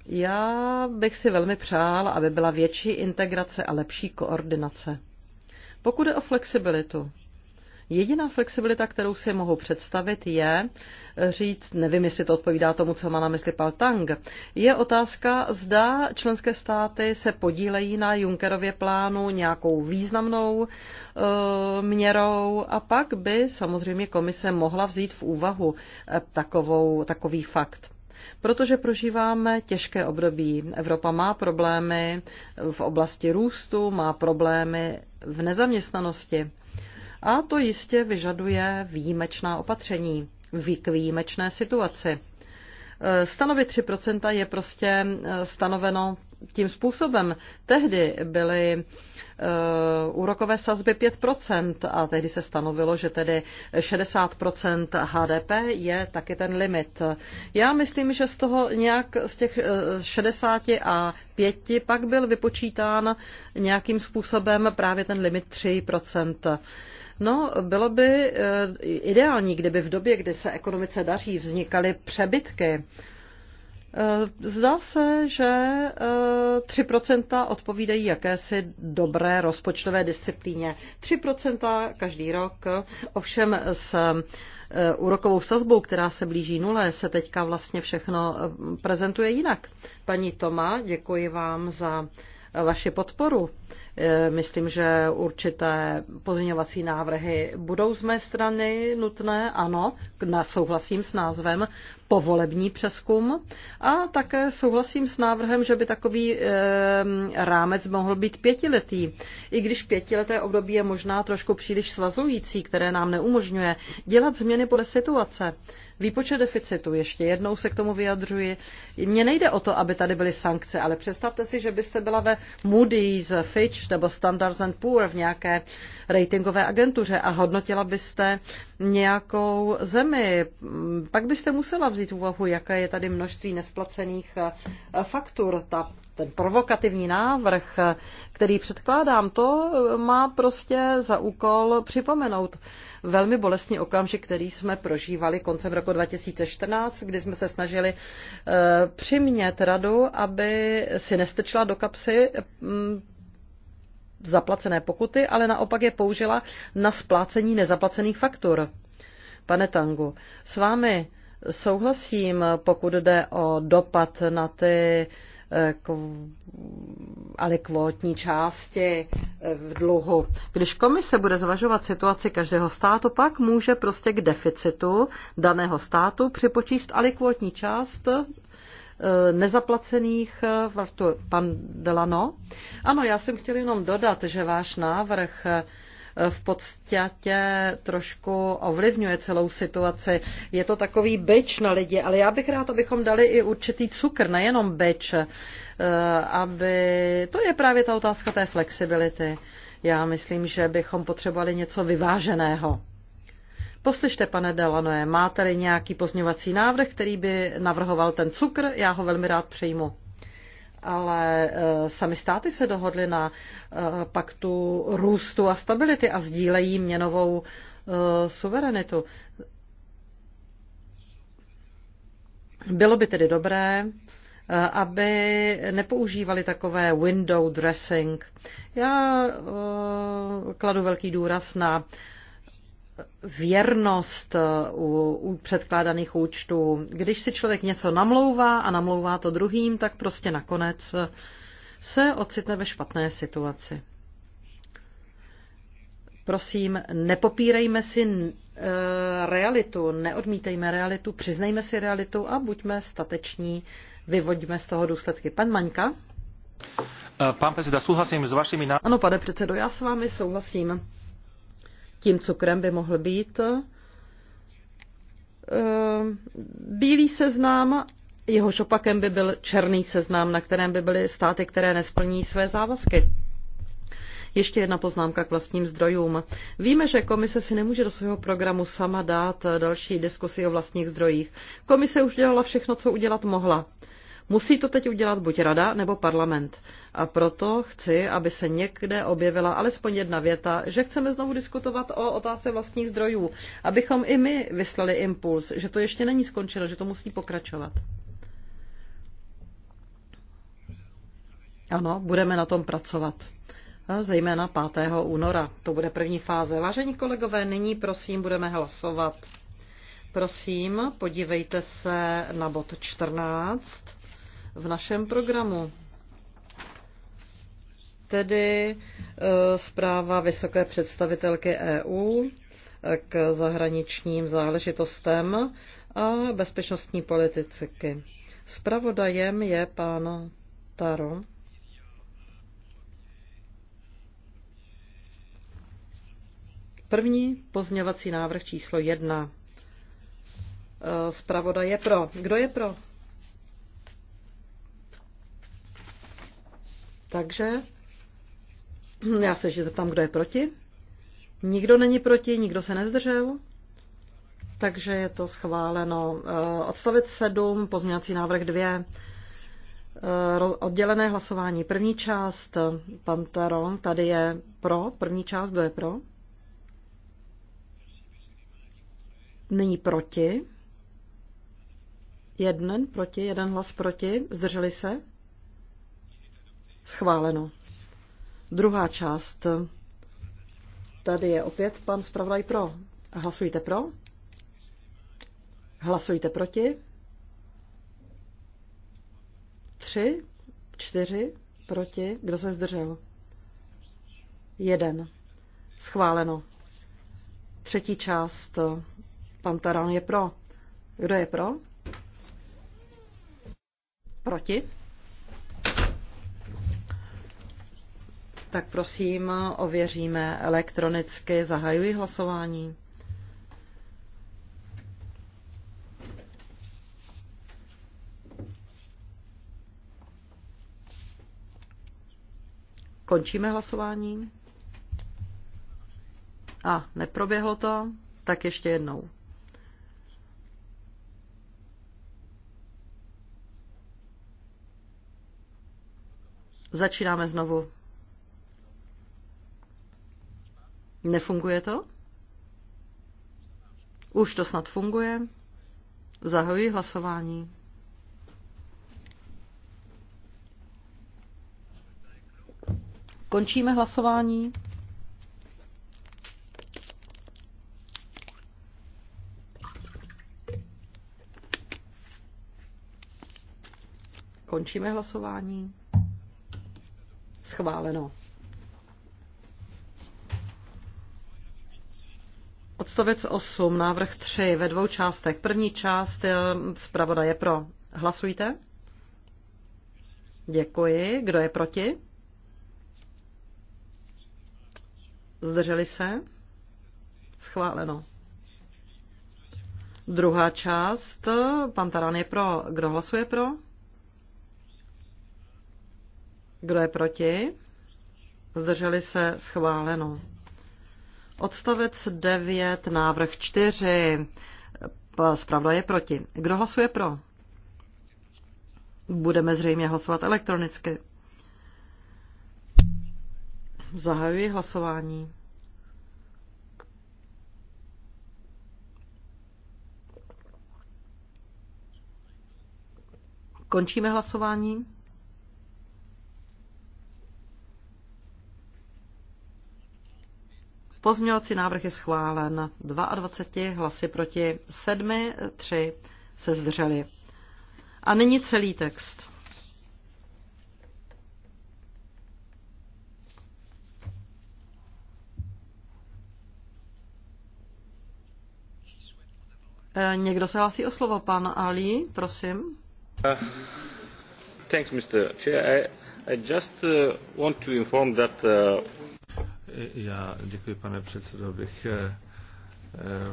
Já bych si velmi přál, aby byla větší integrace a lepší koordinace. Pokud je o flexibilitu, Jediná flexibilita, kterou si mohu představit, je eh, říct, nevím, jestli to odpovídá tomu, co má na mysli Pal Tang, je otázka, zda členské státy se podílejí na Junckerově plánu nějakou významnou e, měrou a pak by samozřejmě komise mohla vzít v úvahu eh, takovou, takový fakt protože prožíváme těžké období. Evropa má problémy v oblasti růstu, má problémy v nezaměstnanosti. A to jistě vyžaduje výjimečná opatření k výjimečné situaci. E, stanovit 3% je prostě e, stanoveno tím způsobem. Tehdy byly e, úrokové sazby 5% a tehdy se stanovilo, že tedy 60% HDP je taky ten limit. Já myslím, že z toho nějak z těch 60 a 5 pak byl vypočítán nějakým způsobem právě ten limit 3%. No, bylo by eh, ideální, kdyby v době, kdy se ekonomice daří, vznikaly přebytky. Eh, zdá se, že 3% eh, odpovídají jakési dobré rozpočtové disciplíně. 3% každý rok, ovšem s úrokovou sazbou, která se blíží nule, se teďka vlastně všechno prezentuje jinak. Paní Toma, děkuji vám za vaši podporu. Eh, myslím, že určité pozměňovací návrhy budou z mé strany nutné, ano, souhlasím s názvem povolební přeskum a také souhlasím s návrhem, že by takový ehm, rámec mohl být pětiletý. I když pětileté období je možná trošku příliš svazující, které nám neumožňuje dělat změny podle situace. Výpočet deficitu, ještě jednou se k tomu vyjadřuji. Mně nejde o to, aby tady byly sankce, ale představte si, že byste byla ve Moody's, Fitch nebo Standards and Poor v nějaké ratingové agentuře a hodnotila byste nějakou zemi, pak byste musela vzít úvahu, jaké je tady množství nesplacených eh, faktur. Ta ten provokativní návrh, který předkládám, to eh, má prostě za úkol připomenout velmi bolestný okamžik, který jsme prožívali koncem roku 2014, kdy jsme se snažili eh, přimět radu, aby si nestrčila do kapsy mm, zaplacené pokuty, ale naopak je použila na splácení nezaplacených faktur. Pane Tangu, s vámi souhlasím, pokud jde o dopad na ty eh, ale kvótní části eh, v dluhu. Když komise bude zvažovat situaci každého státu, pak může prostě k deficitu daného státu připočíst ale kvótní část Eh, nezaplacených eh, vrtu. Pan Delano? Ano, já jsem chtěl jenom dodat, že váš návrh eh, v podstatě trošku ovlivňuje celou situaci. Je to takový beč na lidi, ale já bych rád, abychom dali i určitý cukr, nejenom beč, aby... To je právě ta otázka té flexibility. Já myslím, že bychom potřebovali něco vyváženého. Poslyšte, pane Delanoje, máte-li nějaký pozměňovací návrh, který by navrhoval ten cukr, já ho velmi rád přejmu. Ale eh, sami státy se dohodly na eh, paktu růstu a stability a sdílejí měnovou eh, suverenitu. Bylo by tedy dobré, aby nepoužívali takové window dressing. Já kladu velký důraz na věrnost eh, u, u předkládaných účtů. Když si člověk něco namlouvá a namlouvá to druhým, tak prostě nakonec eh, se ocitne ve špatné situaci. Prosím, nepopírejme si eh, realitu, neodmítejme realitu, přiznejme si realitu a buďme stateční, vyvoďme z toho důsledky. Pan Maňka? Pan předseda, souhlasím s vašimi... Ano, pane předsedo, já s vámi souhlasím tím cukrem by mohl být eh, bílý seznam, jehož opakem by byl černý seznam, na kterém by byly státy, které nesplní své závazky. Ještě jedna poznámka k vlastním zdrojům. Víme, že komise si nemůže do svého programu sama dát další diskusi o vlastních zdrojích. Komise už dělala všechno, co udělat mohla. Musí to teď udělat buď rada nebo parlament. A proto chci, aby se někde objevila alespoň jedna věta, že chceme znovu diskutovat o otázce vlastních zdrojů, abychom i my vyslali impuls, že to ještě není skončeno, že to musí pokračovat. Ano, budeme na tom pracovat zejména 5. února. To bude první fáze. Vážení kolegové, nyní prosím budeme hlasovat. Prosím, podívejte se na bod 14 v našem programu. Tedy eh, zpráva vysoké představitelky EU eh, k zahraničním záležitostem a bezpečnostní politiky. Spravodajem je pán Taro. První pozměvací návrh číslo jedna. Eh, zpravodaj je pro. Kdo je pro? Takže já se ještě zeptám, kdo je proti. Nikdo není proti, nikdo se nezdržel. Takže je to schváleno. Eh, Odstavit 7, pozměňovací návrh 2, eh, oddělené hlasování. První část, eh, pan Taron, tady je pro. První část, kdo je pro? Není proti. Jeden proti, jeden hlas proti. Zdrželi se? Schváleno. Druhá část. Tady je opět pan zpravodaj pro. Hlasujte pro. Hlasujte proti. Tři, čtyři, proti. Kdo se zdržel? Jeden. Schváleno. Třetí část. Pan Taran je pro. Kdo je pro? Proti. tak prosím ověříme elektronicky. Zahajuji hlasování. Končíme hlasování. A neproběhlo to, tak ještě jednou. Začínáme znovu. Nefunguje to? Už to snad funguje. Zahajuji hlasování. Končíme hlasování. Končíme hlasování. Schváleno. Odstavec 8, návrh 3 ve dvou částech. První část eh, zpravodaje pro. Hlasujte. Děkuji. Kdo je proti? Zdrželi se? Schváleno. Druhá část. Pan Taran je pro. Kdo hlasuje pro? Kdo je proti? Zdrželi se? Schváleno. Odstavec 9, návrh 4. Spravda je proti. Kdo hlasuje pro? Budeme zřejmě hlasovat elektronicky. Zahajuji hlasování. Končíme hlasování. Pozměňovací návrh je schválen 22 hlasy proti 7, 3 se zdrželi. A nyní celý text. Eh, někdo se hlásí o slovo, pan Ali, prosím. Uh, thanks, Mr. Chair. I, I just uh, want to inform that uh... Já děkuji, pane předsedo, bych eh, eh,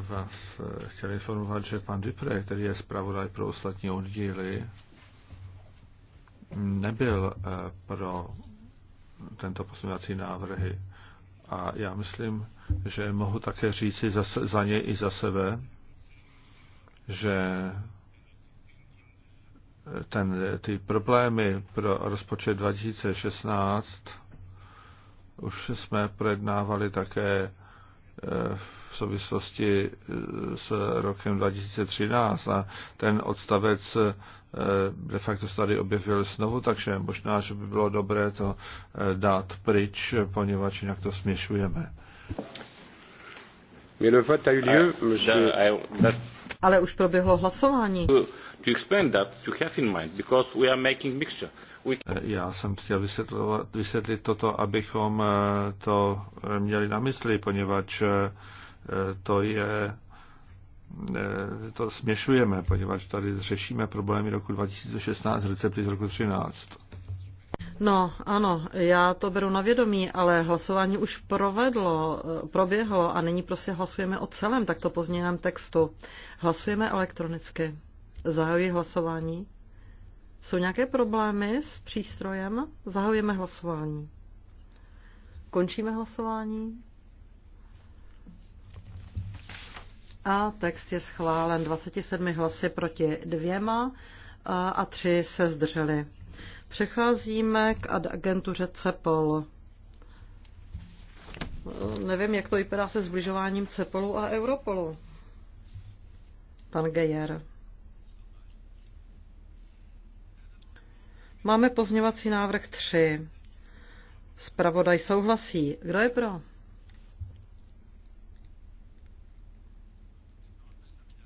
vás eh, chtěl informovat, že pan Dupré, který je zpravodaj pro ostatní oddíly, nebyl pro tento posunovací návrhy. A já myslím, že mohu také říci za, za něj i za sebe, že ten, ty problémy pro rozpočet 2016 už jsme projednávali také eh, v souvislosti eh, s rokem 2013 a ten odstavec eh, de facto se tady objevil znovu, takže možná, že by bylo dobré to dát pryč, poněvadž jinak to směšujeme. Ah, Ale už proběhlo hlasování. To explain that, you have in mind, because we are making mixture. Eh, já jsem chtěl vysvětlit, vysvětlit toto, abychom eh, to eh, měli na mysli, poněvadž to je to směšujeme, poněvadž tady řešíme problémy roku 2016, recepty z roku 2013. No, ano, já to beru na vědomí, ale hlasování už provedlo, proběhlo a nyní prostě hlasujeme o celém takto pozdějeném textu. Hlasujeme elektronicky. Zahajuji hlasování. Jsou nějaké problémy s přístrojem? Zahajujeme hlasování. Končíme hlasování. A text je schválen 27 hlasy proti dvěma a tři se zdrželi. Přecházíme k agentuře CEPOL. Nevím, jak to vypadá se zbližováním CEPOLu a Europolu. Pan Gejer. Máme pozněvací návrh 3. Spravodaj souhlasí. Kdo je pro?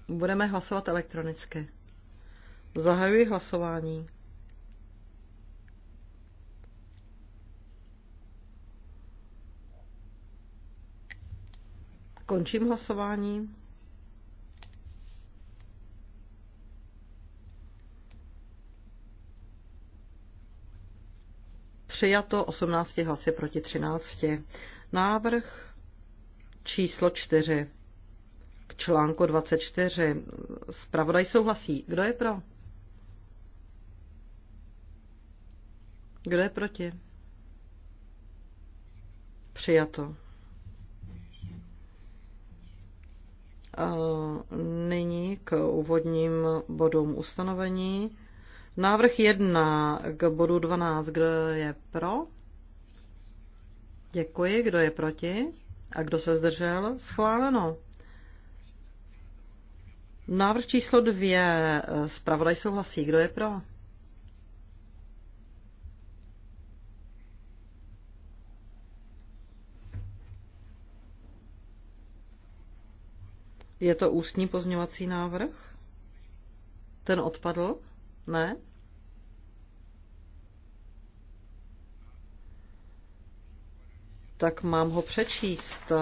Budeme hlasovat elektronicky. Zahajuji hlasování. Končím hlasování. Přijato 18 hlasy proti 13. Návrh číslo 4 k článku 24. Spravodaj souhlasí. Kdo je pro? Kdo je proti? Přijato. A nyní k úvodním bodům ustanovení. Návrh 1 k bodu 12. Kdo je pro? Děkuji. Kdo je proti? A kdo se zdržel? Schváleno. Návrh číslo 2. Zpravodaj souhlasí. Kdo je pro? Je to ústní pozměňovací návrh? Ten odpadl? Ne? tak mám ho přečíst.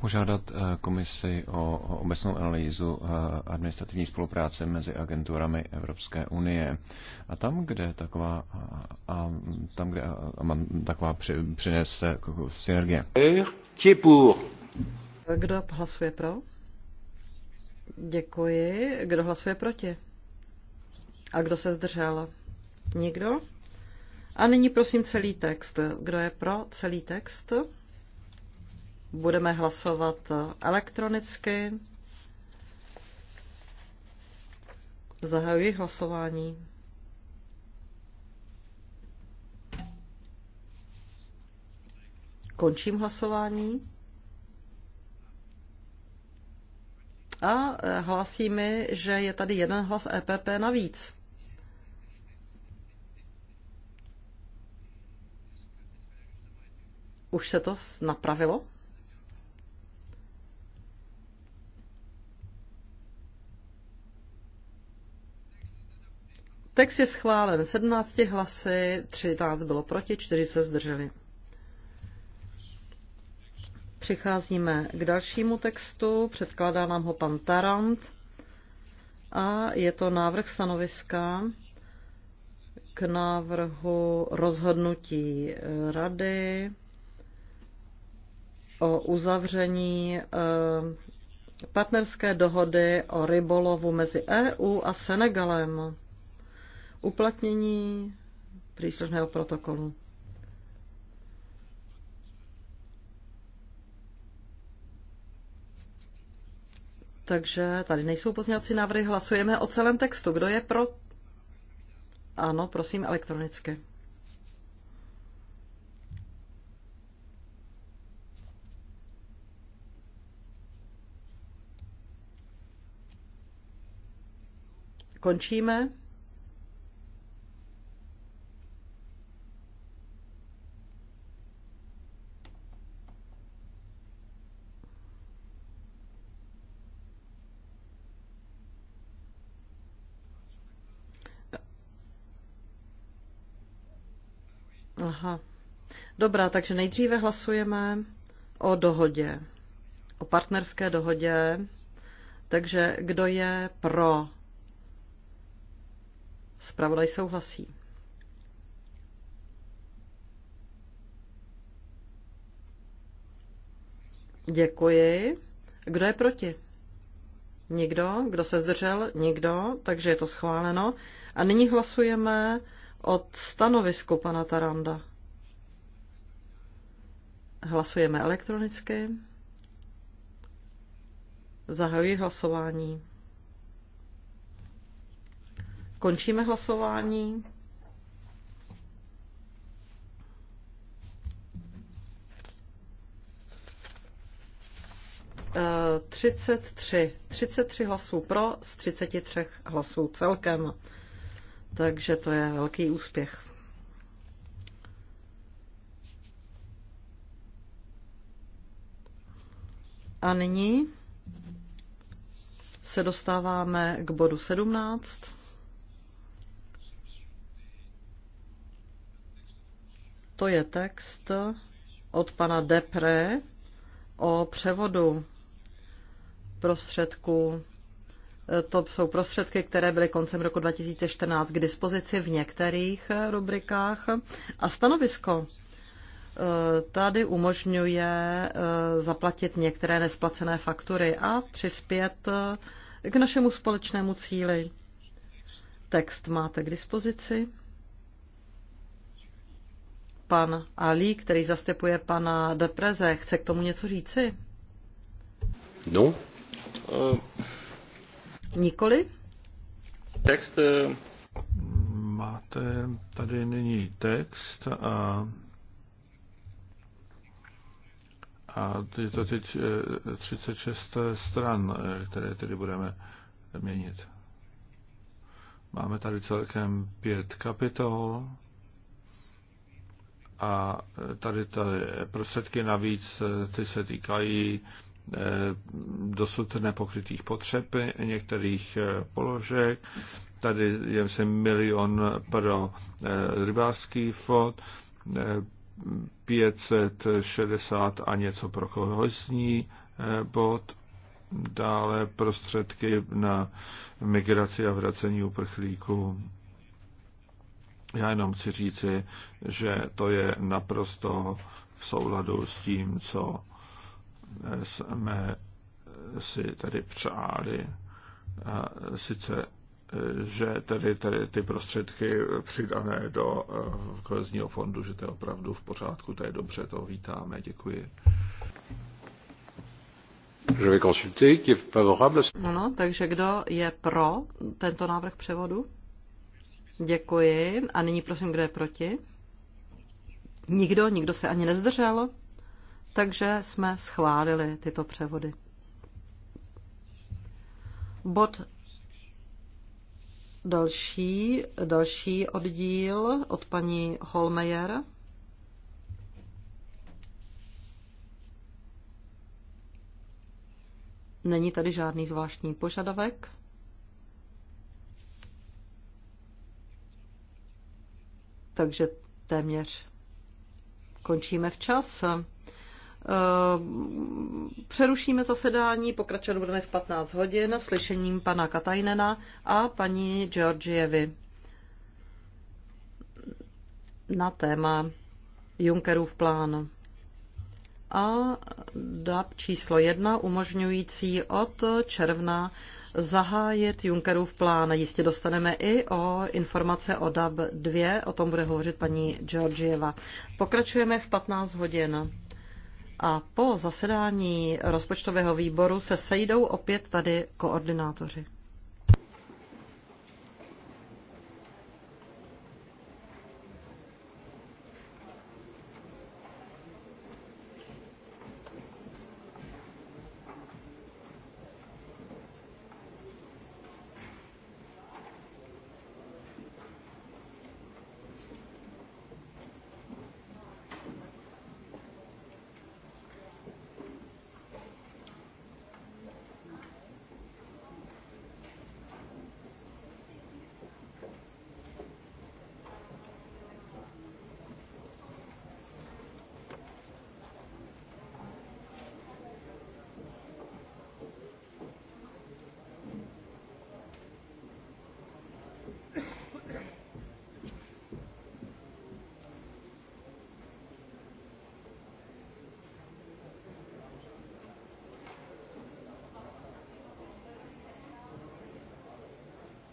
Požádat eh, komisi o obecnou analýzu eh, administrativní spolupráce mezi agenturami Evropské unie. A tam, kde taková, a tam, kde taková při, přinese jako synergie. Kdo hlasuje pro? Děkuji. Kdo hlasuje proti? A kdo se zdržel? Nikdo? A nyní prosím celý text. Kdo je pro celý text? Budeme hlasovat elektronicky. Zahajuji hlasování. Končím hlasování. A eh, hlásí mi, že je tady jeden hlas EPP navíc. Už se to napravilo? Text je schválen 17 hlasy, 13 bylo proti, 4 se zdrželi. Přicházíme k dalšímu textu, předkládá nám ho pan Tarant a je to návrh stanoviska k návrhu rozhodnutí rady o uzavření eh, partnerské dohody o rybolovu mezi EU a Senegalem. Uplatnění příslušného protokolu. Takže tady nejsou pozměňovací návrhy, hlasujeme o celém textu. Kdo je pro? Ano, prosím, elektronicky. Končíme. Aha. Dobrá, takže nejdříve hlasujeme o dohodě, o partnerské dohodě. Takže kdo je pro Spravodaj souhlasí. Děkuji. Kdo je proti? Nikdo. Kdo se zdržel? Nikdo. Takže je to schváleno. A nyní hlasujeme od stanovisku pana Taranda. Hlasujeme elektronicky. Zahajuji hlasování. Končíme hlasování. E, 33. 33 hlasů pro z 33 hlasů celkem. Takže to je velký úspěch. A nyní se dostáváme k bodu 17. To je text od pana Depre o převodu prostředků. To jsou prostředky, které byly koncem roku 2014 k dispozici v některých rubrikách. A stanovisko eh, tady umožňuje eh, zaplatit některé nesplacené faktury a přispět eh, k našemu společnému cíli. Text máte k dispozici. Pan Ali, který zastupuje pana Depreze, chce k tomu něco říci? No. Uh, Nikoli? Text. Uh... Máte tady nyní text a a je to teď 36 eh, stran, které tedy budeme měnit. Máme tady celkem pět kapitol a tady ty prostředky navíc, eh, ty se týkají eh, dosud nepokrytých potřeb některých eh, položek. Tady je se milion pro rybářský fond, 560 a něco pro kohozní bod, dále prostředky na migraci a vracení uprchlíků. Já jenom chci říci, že to je naprosto v souladu s tím, co jsme si tady přáli. A sice, že tady tedy ty prostředky přidané do eh, kolezního fondu, že to je opravdu v pořádku, to je dobře, to vítáme, děkuji. Je vais consulter, qui est favorable. Ano, takže kdo je pro tento návrh převodu? Děkuji. A nyní prosím, kdo je proti? Nikdo, nikdo se ani nezdržel. Takže jsme schválili tyto převody. Bod další, další oddíl od paní Holmejer. Není tady žádný zvláštní požadavek. takže téměř končíme včas. Eh, přerušíme zasedání, pokračovat budeme v 15 hodin slyšením pana Katajnena a paní Georgievy na téma Junckerův plán a DAP číslo 1 umožňující od června zahájit Junckerův plán. Jistě dostaneme i o informace o DAB 2, o tom bude hovořit paní Georgieva. Pokračujeme v 15 hodin. A po zasedání rozpočtového výboru se sejdou opět tady koordinátoři.